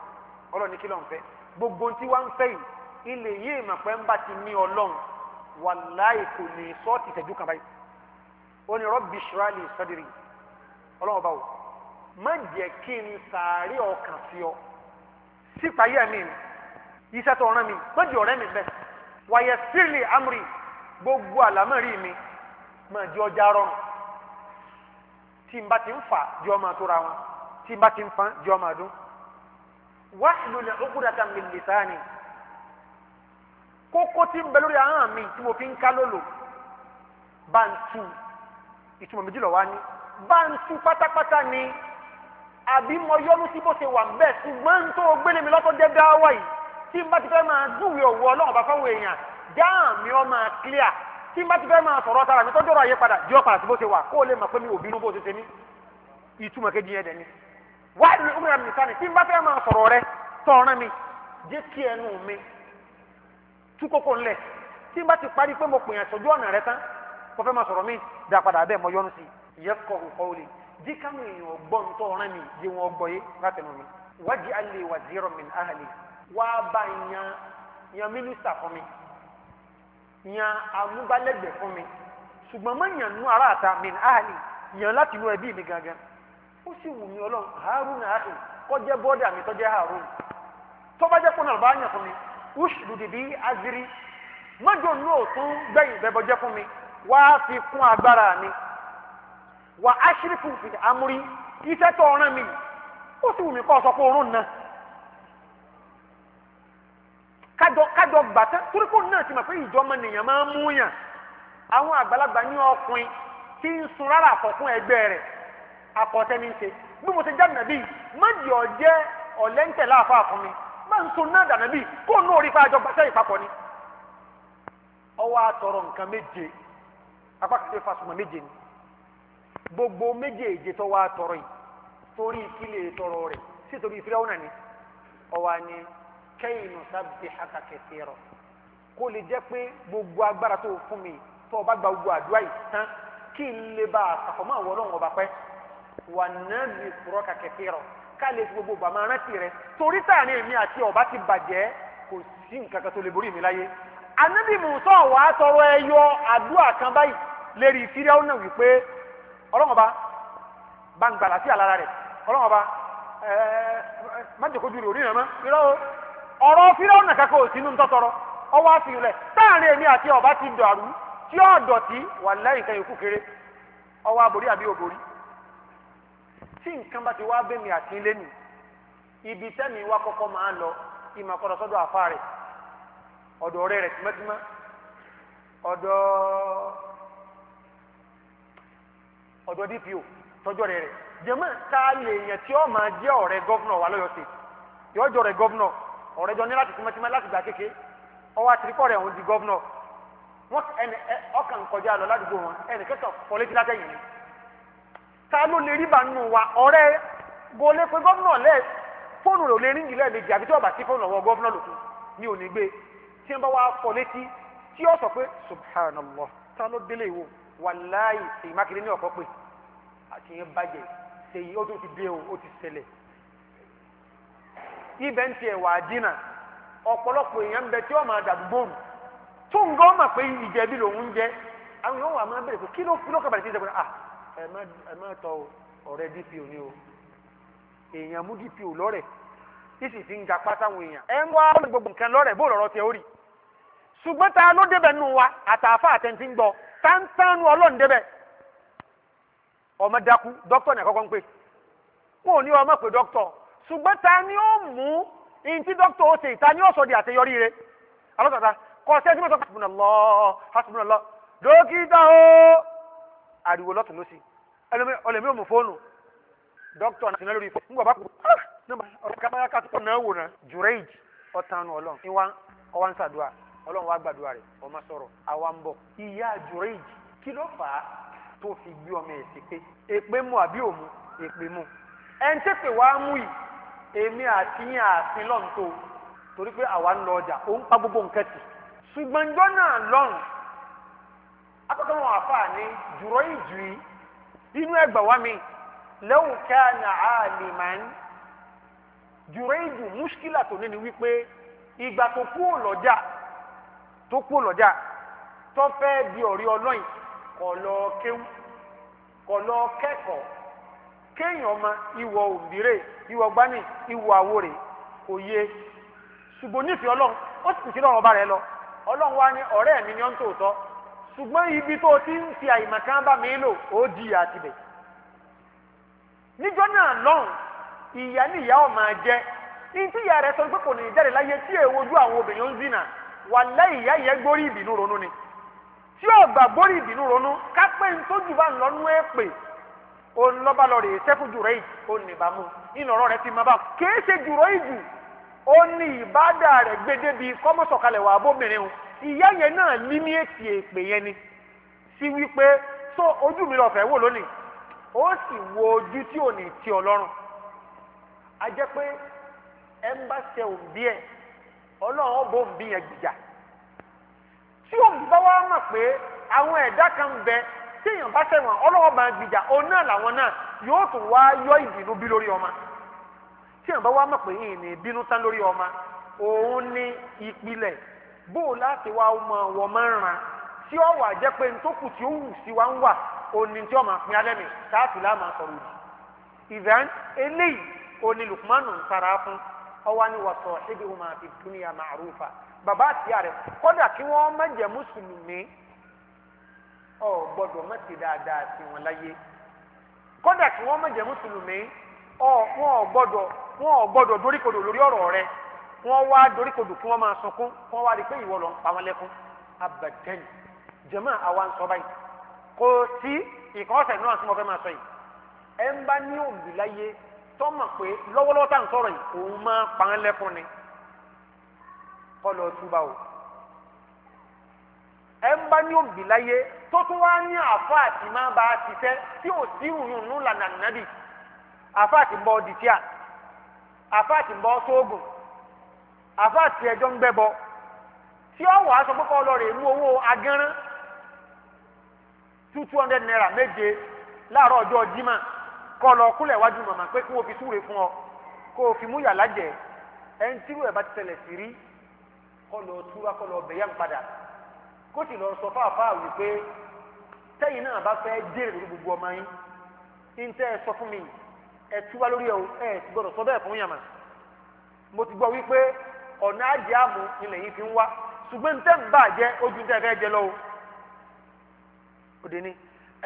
Speaker 1: ọlọ́run ní kí ló ń fẹ́ gbogbo tí wọ́n ń fẹ́ yìí ilé yìí mà pé ń bá ti ní ọlọ́run wàláì kò ní sọ́ọ̀tì tẹ̀jú kan báyìí ó ní rọ́bì sọ́dìrì yìí ọlọ́run bá wò má jẹ́ kí n sàárẹ̀ ọkàn sí ọ sípayé mi iṣẹ́ tó rán mi má jẹ́ ọ̀rẹ́ mi bẹ́ẹ̀ wàyẹ sírìlì amúrì gbogbo àlámọ̀rí mi má jẹ́ ọjà rọrùn tí n bá ti ń fà jẹ́ ọmọ àtúrà wọn tí n bá ti ń fa jẹ́ ọmọ àdún wahlul uqdatan min lisani kókó tí ń bẹ lórí ahọ́n mi tí mo fi ń ká lólo bá ń tu ìtumọ̀ méjìlá wa ní bá ń tú pátápátá ni àbí mo yọnu sí bó ṣe wà bẹ́ẹ̀ ṣùgbọ́n ń tó gbélé mi lọ́tọ́ jẹ́ dáwọ́ yìí tí n bá ti fẹ́ máa júwe ọ̀wọ́ ọlọ́run bá fáwọn èèyàn dáhà mi ọ máa clear tí n bá ti fẹ́ máa sọ̀rọ̀ tara mi tọ́jú ọ̀rọ̀ ayé padà jọ́ padà sí bó ṣe wà kó o lè mọ̀ pé mi ò bínú bó ṣe ṣe mí ìtumọ̀ kejì yẹn dẹ̀ ni wáyé mi mi sani tí n bá fẹ́ máa sọ̀rọ̀ rẹ tọ́ran mi jẹ́ kí ẹnu mi tú mo pèèyàn sójú ọ̀nà rẹ tán kó fẹ́ máa sọ̀rọ̀ mi dá padà yafqahu qawli di káwọn èèyàn gbọ́n tó ọ̀ràn mi di wọn gbọ́ yé látẹnu mi waj'al li waziran min ahli wá bá yan yan mínísítà fún mi yan amúgbálẹ́gbẹ̀ẹ́ fún mi ṣùgbọ́n má yan nú ara àta min ahli yan láti inú ẹbí mi gangan ó sì wù mí ọlọ́run Haruna akhi kọjá bọ́dà mi tọ́já Harun tọ́bajẹ́ fún nàbà yàn fún mi ushdud bi azri mọ́jọ́ nù ó tún gbẹ̀yìn bẹ́bọ́jẹ́ fún mi wá fi kún agbára mi wà á ṣírífù fìdí amúrí iṣẹ́ tó ọ̀ràn mi ó sì wù mí kọ́ ọ sọ pé oorun náà kájọ kájọ gbàtán torí pé òun náà ti mọ̀ pé ìjọba nìyẹn máa ń mú yàn àwọn àgbàlagbà ní ọkùnrin tí ń sun rárá àkọ́kún ẹgbẹ́ rẹ̀ àkọ́tẹ́ni ṣe bí mo ti jáde nàbí mọ́jì ọ̀jẹ́ ọ̀lẹ́ńtẹ̀ láàfọ́ àfọ́ mi máa ń sun náà dànàbí kó náà rí fáájọ gbàtẹ́ ìpapọ̀ ni. ọwọ́ àtọ̀rọ̀ nǹkan méje apá kìí fàṣùmọ̀ méje ni gbogbo méjèèje tó wá tọrọ yìí torí kílè tọrọ rẹ̀ sítorí fíráwọn náà ni ọwọ́ ni kẹ́yìn nusabbihaka kathira kó lè jẹ́ pé gbogbo agbára tó fún mi tó o bá gba gbogbo àdúrà yìí tán kí n lè bá àtàkọ́mọ́ àwọn ọlọ́run ọba pẹ́ wà nàbì kúrọ́ka kathira ká lè fi gbogbo àmọ́ arántí rẹ̀ torí táàní èmi àti ọba ti bàjẹ́ kò sí nǹkan kan tó lè borí mi láyé anabi wàá tọrọ ẹyọ àdúrà kan báyìí lérí fíráwọn náà wípé ọlọ́mọba bá ń gbàlá sí àlára rẹ̀ ọlọ́mọba májèkó jùlọ oríran mọ́ irọ́ ọ̀rọ̀ fíráwọ̀n nàkà kò tọ́tọ̀rọ̀ ọwọ́ àfihàn táàrin èmi àti ọba ti dàrú tí wà lẹ́yìn kéré ọwọ́ òborí tí nǹkan bá ti wá bẹ́mi àti ilé ibi tẹ́mi wá kọ́kọ́ máa lọ ọ̀dọ̀ dpo tọjọ́ rẹ̀ rẹ̀ jẹ̀mọ́ ká lè yẹn tí ó máa jẹ́ ọ̀rẹ́ gọ́vnọ̀ wà lọ́yọ̀ state yọ jọ rẹ̀ gọ́vnọ̀ ọ̀rẹ́ jọ ní láti tímọ́tímọ́ láti gbà kéke ọwọ́ àtìríkọ́ rẹ̀ òun di gọ́vnọ̀ wọn ẹnì ọkàn kọjá lọ ládùúgbò wọn ẹnì kẹtọ fọlétí látẹ̀yìn ni ta ló lè rí bàánù wa ọ̀rẹ́ gbolé pé gọ́vnọ̀ lẹ fóònù rẹ̀ ò lè ríngì lẹ́ẹ̀mejì àbí tí ọba sí fóònù ọwọ́ gọ́vnọ̀ lòkun ní òní gbé tí wọn bá wá fọlétí tí ó sọ pé subhanallah ta ló délé ìwò wàláyì Ṣèyí Mákindé ní ọ̀kọ́ pé àti yẹn bàjẹ́ ó tún ti dé o ó ti ṣẹlẹ̀ ibẹ̀ ń tiẹ̀ wà á dínà ọ̀pọ̀lọpọ̀ èèyàn ń bẹ tí wọ́n máa dàdúgbò rù tó ń gán mà pé ìjẹ̀bi lòun ń jẹ́ àwọn yòówù àmọ́ bẹ̀rẹ̀ pé kí ló kí ló kábàlẹ̀ sí ìjẹ́pẹ́ ah ẹ má ẹ má tọ ọ̀rẹ́ DPO ni o èèyàn mú DPO lọ́rẹ̀ tí sì fi ń ga pátá àwọn èèyàn ẹ ń wá gbogbo nǹkan lọ́rẹ̀ bó lọ́rọ̀ tẹ ó rì ṣùgbọ́n ta ló débẹ̀ nù wa àtàfà àtẹ̀ntì ń gbọ́ tántánú ọlọ́run débẹ̀ ọmọ dákú dókítà ní àkọ́kọ́ ń pè wọn ò ọmọ pé ṣùgbọ́n ni ó mú ìyìn tí dókítà ó ṣe ni ó sọ di àṣeyọrí rẹ̀ alọ́tàtà kọ́ ṣẹ́ símọ́tò hasbunallah hasbunallah dókítà o ariwo lọ́tún lọ́sí ọlẹ́mí ò mú fóònù náà ti náà lórí fóònù bá kú ah, ọ̀rọ̀ kàtúkọ̀ náà wò ná jùrẹ́ẹ̀jì ọ̀tàn ọlọ́run ìwà ọlọ́run wa gbàdúrà rẹ̀ ọmọ sọ̀rọ̀ àwa ń bọ̀ ìyá àjùrẹ́jì kí ló fi gbé ọmọ ẹ̀ sí pé èpè mu àbí òmu mu ẹni tẹ́ pé wàá mú yìí èmi àti yín àfin lọ́n tó torí pé àwa ń lọ ọjà ó ń gbogbo nǹkan tì ṣùgbọ́n ìjọ náà akọ́kọ́ wọn àfa ní jùrọ̀ inú ẹgbà wá mi lẹ́wọ̀n jùrọ̀ ìjù tó ní ni wípé ìgbà tó kú ò lọ́jà. tó kú lọ́jà tó fẹ́ di ọ̀rí ọlọ́yìn kọ̀ lọ kéwú kọ̀ lọ kẹ́kọ̀ọ́ kéèyàn ọmọ ìwọ òǹdírè ìwọ gbani ìwọ àwòrè kò yé ṣùgbọ́n nífẹ̀ẹ́ ọlọ́run ọba rẹ lọ ọlọ́run wa ni ọ̀rẹ́ mi ni ó ń tòótọ́ ṣùgbọ́n ibi tó ti ń fi àìmọ̀kan bá mi lò ó di níjọ́ náà ìyá ni ìyá ọ̀ máa jẹ́ ní ìyá rẹ sọ pé kò ní wàlẹ́ ìyá yẹn gbórí ìbínú ronú ni tí ó gbà gbórí ìbínú ronú kápẹ́ ntójú bá ń lọ nú ẹ̀ pè òun lọ́ba lọ rèé sẹ́fù jùrọ̀ yìí ó ní ìbámu rẹ ti máa bá kèé ṣe ó ní ìbádà rẹ̀ wà o ìyá yẹn náà ní ni sí wípé so ojú mi lọ wò lónìí ó sì wo ojú tí ti ọlọ́run a jẹ́ pé ẹ ọlọ́run ó bó ń bí yẹn gbìjà tí òun bá wá mọ̀ pé àwọn ẹ̀dá kan ń bẹ tí èèyàn bá ṣẹ̀wọ̀n ọlọ́run bá ń gbìjà òun náà làwọn náà yóò tún wá yọ ìbínú bí lórí ọmọ tí èèyàn bá wá mọ̀ pé ìní ìbínú tán lórí ọmọ òun ní ìpìlẹ̀ bó o láti wá ọmọ wọn máa ń ran tí ó wà jẹ́ pé ntókù tí ó wù sí wa ń wà òní tí ó máa pín alẹ́ mi táàtì láà máa ọwọ́ ni wọ́n sọ ṣíbi wọn àti dúnìyà màrúfà bàbá àtìyá rẹ̀ kọ́dà kí wọ́n má jẹ́ mùsùlùmí ọ gbọ́dọ̀ má ti dáadáa sí wọn láyé kọ́dà kí wọ́n má jẹ́ mùsùlùmí ọ wọn ò gbọ́dọ̀ wọn ò gbọ́dọ̀ doríkodò lórí ọ̀rọ̀ rẹ̀ wọn wá doríkodò kí wọ́n máa sunkún kí wọ́n wá rí pé ìwọ ló ń pa wọn lẹ́kún abadan jàmá àwa ń sọ kò sí ìkọ́sẹ̀ náà tí máa sọ yìí ẹ ń bá ní òbí láyé tọ́mọ̀ pé lọ́wọ́lọ́wọ́ tá à ń sọ̀rọ̀ yìí òun máa pa o ẹ ń bá ní òbí láyé tó tún wá ní àfa àti máa bá a ti fẹ́ tí ò sí ìrùnnú lànà nàbì àfa àti bọ́ dìtíà àfa àti bọ́ sóògùn àfa àti ẹjọ́ ń gbẹ́bọ tí kọ́ lọ kúlẹ̀ wájú pé kó o fi súre fún ọ kó o fi mú yàrá jẹ ẹni tí wọ́n ẹ̀ bá ti tẹ̀lẹ̀ sí rí kọ́ lọ túra kọ́ lọ bẹ̀yà lọ sọ fáfáà wípé tẹ́yìn náà bá fẹ́ jèrè lórí gbogbo ọmọ yín ní sọ fún mi ẹ lórí ẹ ẹ ti sọ bẹ́ẹ̀ fún yàmà mo ti gbọ́ wípé ọ̀nà àjẹ́ àmú fi ń wá ṣùgbọ́n tẹ́ ń bà jẹ́ ojú tẹ́ fẹ́ lọ́wọ́ òde ni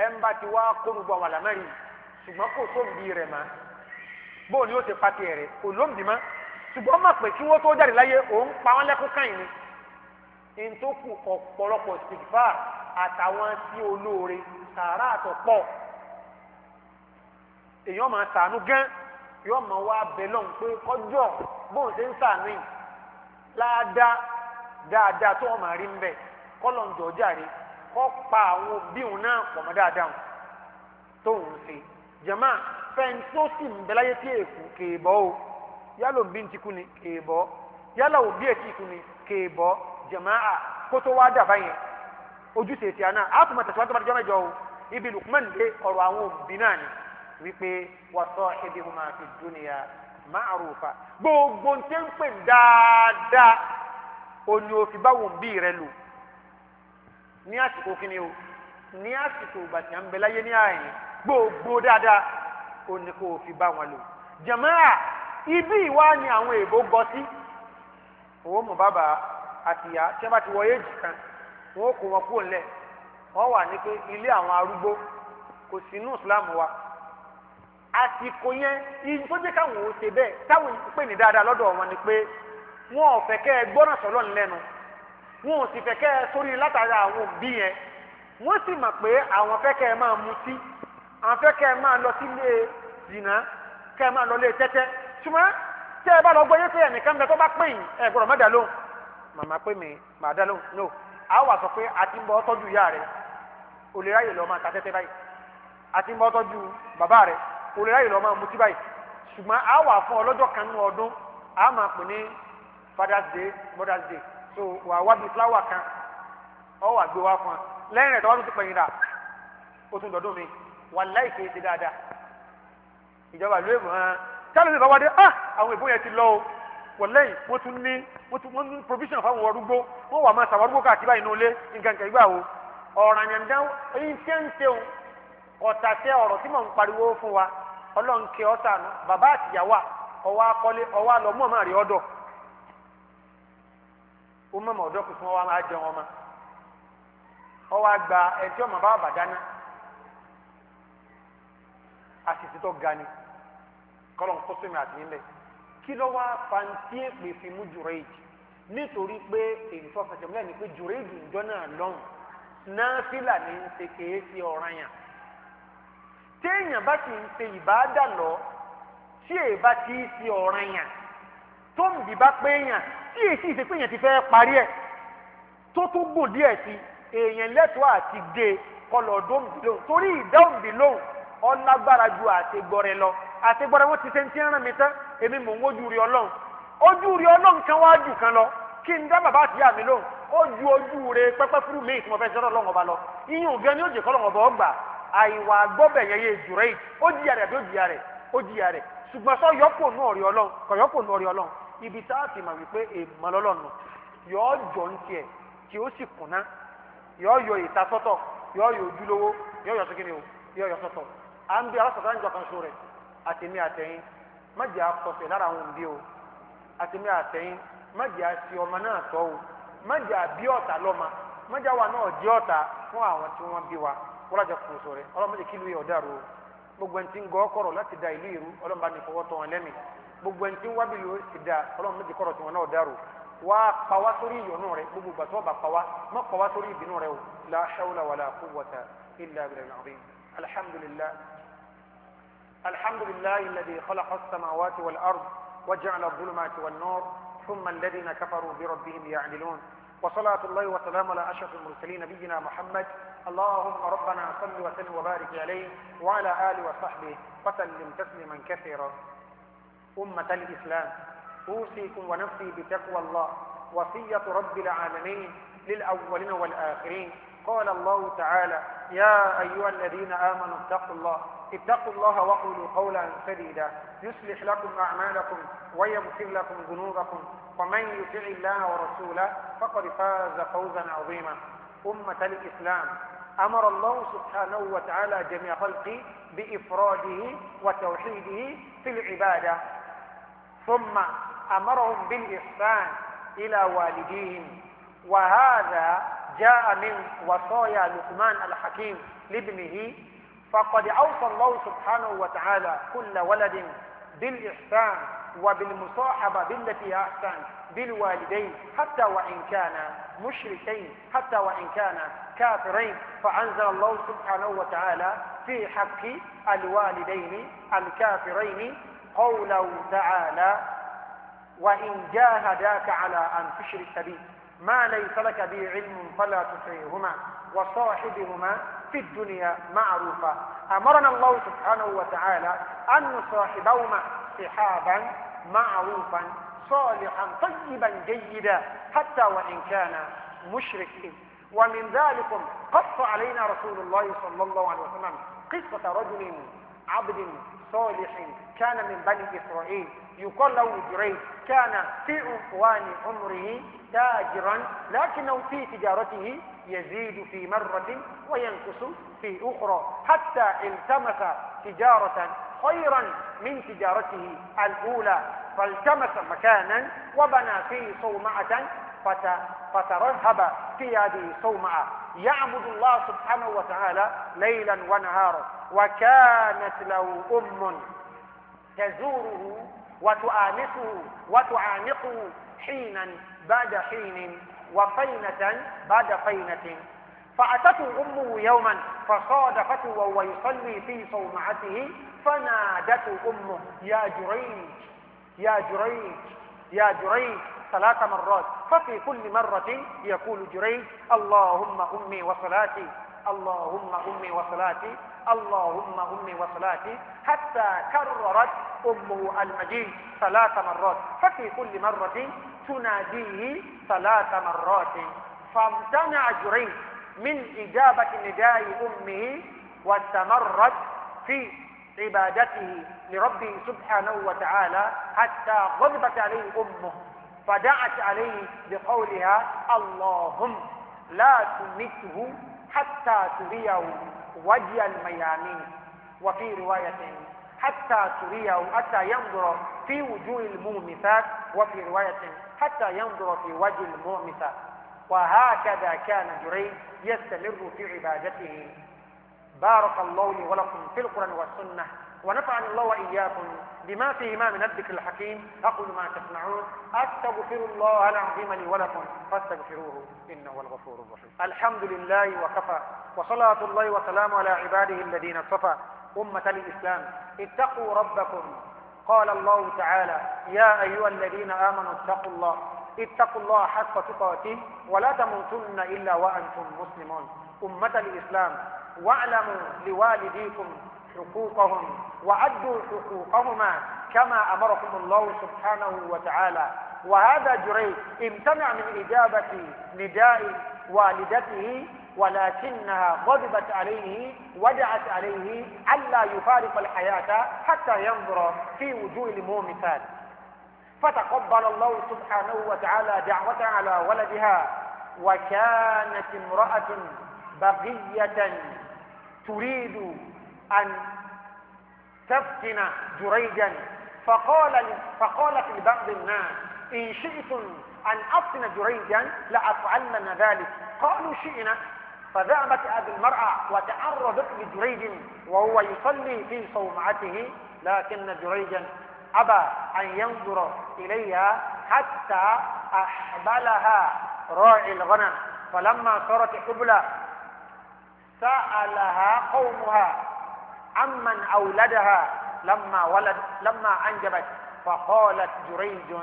Speaker 1: ẹ ń bá ti wá kó gbogbo àwọn ṣùgbọ́n kò sóǹbì rẹ̀ mọ́ bó ni ó ti pa tiẹ̀ rẹ̀ kò lóǹbì mọ́ ṣùgbọ́n má pè kí wọ́n tó jáde láyé òun pa wọ́n lẹ́kún káyìn ni n tó kù ọ̀pọ̀lọpọ̀ sìgbà àtàwọn tí olóore sàárà àtọ̀pọ̀ èèyàn máa sàánú gán yóò máa wá bẹ lọ́hùn pé kọjọ́ bóun ṣe ń sàánú yìí láadáa dáadáa tó wọn máa rí ń bẹ̀ kọ́lọ̀ ń jọ jáde kọ́ pa àwọn òbí òun náà pọ̀ mọ́ dáadáa tóun ṣe jama fẹn tó sì ń bẹlẹ ayé tí èkú kéèbọ o yálò bí ti kú ni kéèbọ yálò òbí èkì kú ni kéèbọ jama a kótó wá dàbá yẹn ojúṣe tí a náà a tún bá tẹ̀síwájú bá jọmọ jọ o ibi Lukman lé ọ̀rọ̀ àwọn òbí náà ni wípé wàtọ́ ebi hùmà fi dúnìyà ma'rufa gbogbo ń tẹ́ ń pè dáadáa òní òfin báwọn òbí rẹ lò ní àsìkò kíni o ní àsìkò ìgbà tí a ń bẹ láyé ní àyè gbogbo dáadáa ó ní kó o fi bá wọn lò jàmáà ibi ìwá ni àwọn èèbó gọ sí owó mọ bàbá àtìyá tí wọn bá ti wọ éèjì kan wọn ó kó wọn kúrò ńlẹ̀ wọn wà ní pé ilé àwọn arúgbó kò sínú ìsìláàmù wa àsìkò yẹn ibi tó jẹ́ káwọn ò ṣe bẹ́ẹ̀ táwọn pè ní dáadáa lọ́dọ̀ wọn ni pé wọn ò fẹ́ kẹ́ ẹ gbọ́ràn sọ́lọ́ ńlẹ́nu wọn ò sì fẹ́ kẹ́ ẹ sórí látara àwọn òbí yẹn wọ́n sì mọ̀ pé àwọn fẹ́ kẹ́ ẹ máa mutí àfẹ́ kẹ́ ẹ máa lọ sílé zina kẹ́ ẹ máa lọ lé tẹ́tẹ́ ṣùgbọ́n tẹ́ ẹ bá lọ gbọ́ yé pé ẹnìkan bẹ tó bá pè yín ẹ gbọ́dọ̀ má dà lóhùn màmá pè mí màá dà lóhùn no a wà sọ pé a ti ń bọ́ tọ́jú ìyá rẹ o lè ráyè lọ máa ta tẹ́tẹ́ báyìí a ti ń bọ́ tọ́jú bàbá rẹ o lè ráyè máa mutí báyìí ṣùgbọ́n a wà fún ọlọ́jọ́ kan nínú ọdún a máa pè ní father's day mother's day so wà wá bíi flower kan ọ wà gbé wá fún wa lẹ́yìn rẹ̀ tọ́wọ́ tó ti pẹ̀yìn rà ó tún dọ̀dún mi. wàláì kì í ṣe dáadáa ìjọba ìlú èbò hàn sáré ìjọba wá dé ah àwọn èbó yẹn ti lọ o wàláì wọ́n tún ní tún ní provision fáwọn arúgbó wọ́n wà máa sàwárúgbó káàkiri báyìí ní olé ìgbà wo ọ̀ràn yàndá eyín tí ń tẹun ọ̀tàṣẹ ọ̀rọ̀ tí mò ń pariwo fún wa ọlọ́nkẹ́ ọ̀sánú bàbá àtìyàwó ọwọ́ akọ́lé ọwọ́ àlọ́ máa rí ọ̀dọ̀ ó mọ̀ ọ̀dọ́ kùsùn ọwọ́ máa jẹun ọmọ ọwọ́ àgbà ọmọ bá bàdánà àṣìṣetọ́ ga ni kọ́lọ́n kọ́sọ́mì àti nílẹ̀ kí ló wá fanti èpè fi mú jùrẹ́jì nítorí pé èyí tó fẹsẹ̀ múlẹ̀ ni pé jùrẹ́jì ìjọ náà lọ́hùn náfìlà ní ń ṣe kèé sí ọ̀ràn yàn téèyàn bá ti ń se ìbáadà lọ tí èyí bá ti ń se ọ̀ràn yàn tó ń bì bá pé yàn tí èyí sì ṣe pé yàn ti fẹ́ parí ẹ̀ tó tún gbò díẹ̀ sí èèyàn lẹ́tọ̀ọ́ àti dé kọlọ̀ dóńbì torí ìdáhùn bì ọlágbára ju àṣegbọrẹ lọ àṣegbọrẹ wọn ti sẹńtì ẹran mi tán èmi mò ń wojú rí Ọlọ́run ojú rí Ọlọ́run kan wá jù kan lọ kí n dá bàbá àti ìyá mi lóhùn ó ju ojú rẹ pẹpẹ fúru mi tí ọba lọ iyún gan ni ó jẹ kọlọrun ọba ọgbà àìwà gbọbẹ yẹn yìí ó jìyà rẹ àbí ó jìyà rẹ ó jìyà rẹ sọ yọpọ nù nù yọ à ń bí alásọ̀tà ń jọkan so rẹ̀ àtẹ̀mí àtẹ̀yìn má jẹ́ àkọsẹ̀ lára àwọn òbí o àtẹ̀mí àtẹ̀yìn má jẹ́ àti ọmọ náà tọ́ o má jẹ́ àbí ọ̀tá lọ́ma má jẹ́ àwa náà jẹ́ ọ̀tá fún àwọn tí wọ́n bí wa wọ́n lájà kò so rẹ̀ ọlọ́mọ jẹ́ kí lu yẹ ọ̀dà ro gbogbo ẹni tí ń gọ́ ọkọ̀rọ̀ láti da ìlú ìrú ọlọ́mọba ní fọwọ́ tán ẹlẹ́mì gbogbo ẹni tí ń wábìlì ó sì da ọlọ́mọ jẹ́ kọ̀rọ̀ tiwọn náà dàrú wá pawá sórí ìyọnu rẹ gbogbo ìgbà tó bá pawá má pawá sórí ìbínú rẹ o la hawla wala quwwata illa billahi alhamdulillah الحمد لله الذي خلق السماوات والأرض وجعل الظلمات والنور ثم الذين كفروا بربهم يعدلون وصلاة الله وسلام على أشرف المرسلين نبينا محمد اللهم ربنا صل وسلم وبارك عليه وعلى آله وصحبه وسلم تسليما كثيرا أمة الإسلام أوصيكم ونفسي بتقوى الله وصية رب العالمين للأولين والآخرين قال الله تعالى يا أيها الذين آمنوا اتقوا الله اتقوا الله وقولوا قولا سديدا يصلح لكم أعمالكم ويغفر لكم ذنوبكم ومن يطع الله ورسوله فقد فاز فوزا عظيما أمة الإسلام أمر الله سبحانه وتعالى جميع خلقه بإفراده وتوحيده في العبادة ثم أمرهم بالإحسان إلى والديهم وهذا جاء من وصايا لقمان الحكيم لابنه فقد أوصى الله سبحانه وتعالى كل ولد بالإحسان وبالمصاحبة بالتي أحسن بالوالدين حتى وإن كان مشركين حتى وإن كان كافرين فأنزل الله سبحانه وتعالى في حق الوالدين الكافرين قوله تعالى وإن جاهداك على أن تشرك به ما ليس لك به علم فلا تطيعهما وصاحبهما في الدنيا معروفة أمرنا الله سبحانه وتعالى أن نصاحبهما صحابا معروفا صالحا طيبا جيدا حتى وإن كان مشركين ومن ذلك قص علينا رسول الله صلى الله عليه وسلم قصة رجل عبد صالح كان من بني إسرائيل يقال له جريج كان في أوان عمره تاجرا لكنه في تجارته يزيد في مرة وينقص في أخرى حتى التمس تجارة خيرا من تجارته الأولى فالتمس مكانا وبنى فيه صومعة فترهب في هذه الصومعة يعبد الله سبحانه وتعالى ليلا ونهارا وكانت له أم تزوره وتؤانسه وتعانقه حينا بعد حين وفينة بعد فينة فأتته أمه يوما فصادفته وهو يصلي في صومعته فنادته أمه يا جريج يا جريج يا جريج ثلاث مرات ففي كل مرة يقول جريج اللهم أمي وصلاتي اللهم أمي وصلاتي اللهم أمي وصلاتي حتى كررت أمه المجيد ثلاث مرات ففي كل مرة تناديه ثلاث مرات فامتنع جريج من إجابة نداء أمه واستمرت في عبادته لربه سبحانه وتعالى حتى غضبت عليه أمه فدعت عليه بقولها اللهم لا تمته حتى تريه وجه الميامين وفي رواية حتى تريه حتى ينظر في وجوه المؤمثات وفي رواية حتى ينظر في وجه المؤمثات وهكذا كان جريج يستمر في عبادته بارك الله لي ولكم في القرآن والسنة ونفعني الله وإياكم بما فيهما من الذكر الحكيم أقول ما تسمعون أستغفر الله العظيم لي ولكم فاستغفروه إنه هو الغفور الرحيم الحمد لله وكفى وصلاة الله وسلامه على عباده الذين اصطفى أمة الإسلام اتقوا ربكم قال الله تعالى يا أيها الذين آمنوا اتقوا الله اتقوا الله حق تقاته ولا تموتن إلا وأنتم مسلمون أمة الإسلام واعلموا لوالديكم حقوقهم وعدوا حقوقهما كما أمركم الله سبحانه وتعالى وهذا جريج امتنع من إجابة نداء والدته ولكنها غضبت عليه ودعت عليه ألا يفارق الحياة حتى ينظر في وجوه المومثات فتقبل الله سبحانه وتعالى دعوة على ولدها وكانت امرأة بغية تريد أن تفتن جريجا فقال فقالت لبعض الناس إن شئتم أن أفتن جريجا لأفعلن ذلك قالوا شئنا فذهبت هذه المرأة وتعرضت لجريج وهو يصلي في صومعته لكن جريجا أبى أن ينظر إليها حتى أحبلها راعي الغنم فلما صارت حبلى سألها قومها عمن أولدها لما ولد لما أنجبت فقالت جريج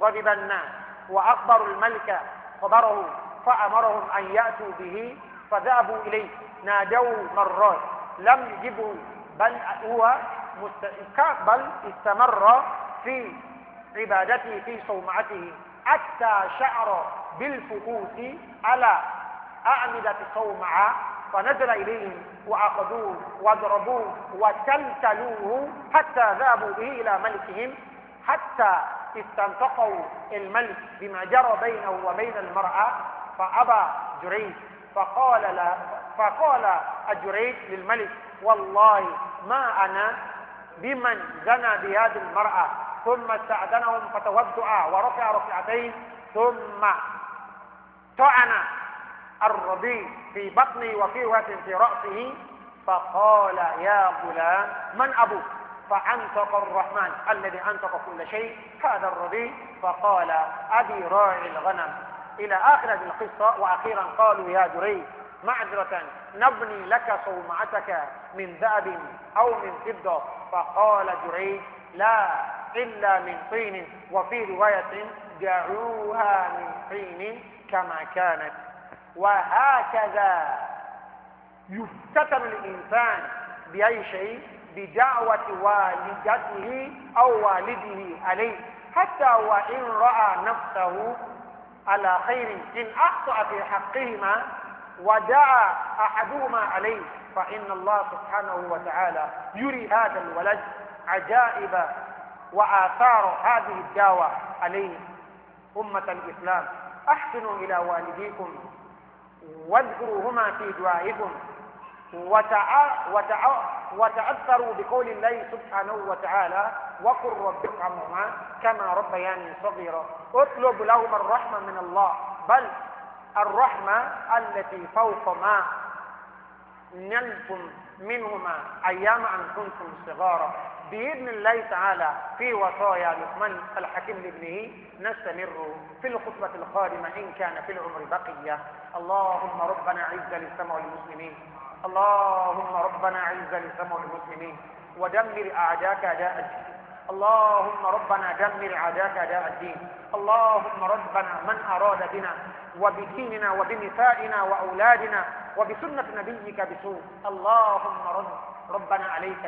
Speaker 1: غضب الناس وأخبروا الملك خبره فأمرهم أن يأتوا به فذهبوا إليه نادوا مرات لم يجبه بل هو بل استمر في عبادته في صومعته حتى شعر بالفقوس على أعمدة صومعة فنزل إليهم وأخذوه واضربوه وتلتلوه حتى ذهبوا به إلى ملكهم حتى استنطقوا الملك بما جرى بينه وبين المرأة فأبى جريج فقال لا فقال الجريج للملك والله ما أنا بمن زنى بهذه المرأة ثم استأذنهم فتودع ورفع ركعتين ثم طعن الرضيع في بطني وفي رواية في رأسه فقال يا غلام من أبوك فأنطق الرحمن الذي أنطق كل شيء هذا الرضيع فقال أبي راعي الغنم إلى آخر هذه القصة وأخيرا قالوا يا دري معذرة نبني لك صومعتك من ذأب أو من فضة فقال دري لا إلا من طين وفي رواية دعوها من طين كما كانت وهكذا يفتتن الإنسان بأي شيء بدعوة والدته أو والده عليه حتى وإن رأى نفسه على خير إن أخطأ في حقهما ودعا أحدهما عليه فإن الله سبحانه وتعالى يري هذا الولد عجائب وآثار هذه الدعوة عليه أمة الإسلام أحسنوا إلى والديكم واذكروهما في دعائكم وتأثروا بقول الله سبحانه وتعالى وقل رب ارحمهما كما ربياني صغيرا اطلب لهما الرحمة من الله بل الرحمة التي فوق ما نلكم منهما أيام أن كنتم صغارا بإذن الله تعالى في وصايا لقمان الحكيم لابنه نستمر في الخطبة القادمة إن كان في العمر بقية اللهم ربنا عز للسمع المسلمين اللهم ربنا عز للسمع المسلمين ودمر أعداك أداء الدين اللهم ربنا دمر عداك داء الدين اللهم ربنا من أراد بنا وبديننا وبنسائنا وأولادنا وبسنة نبيك بسوء اللهم رب ربنا عليك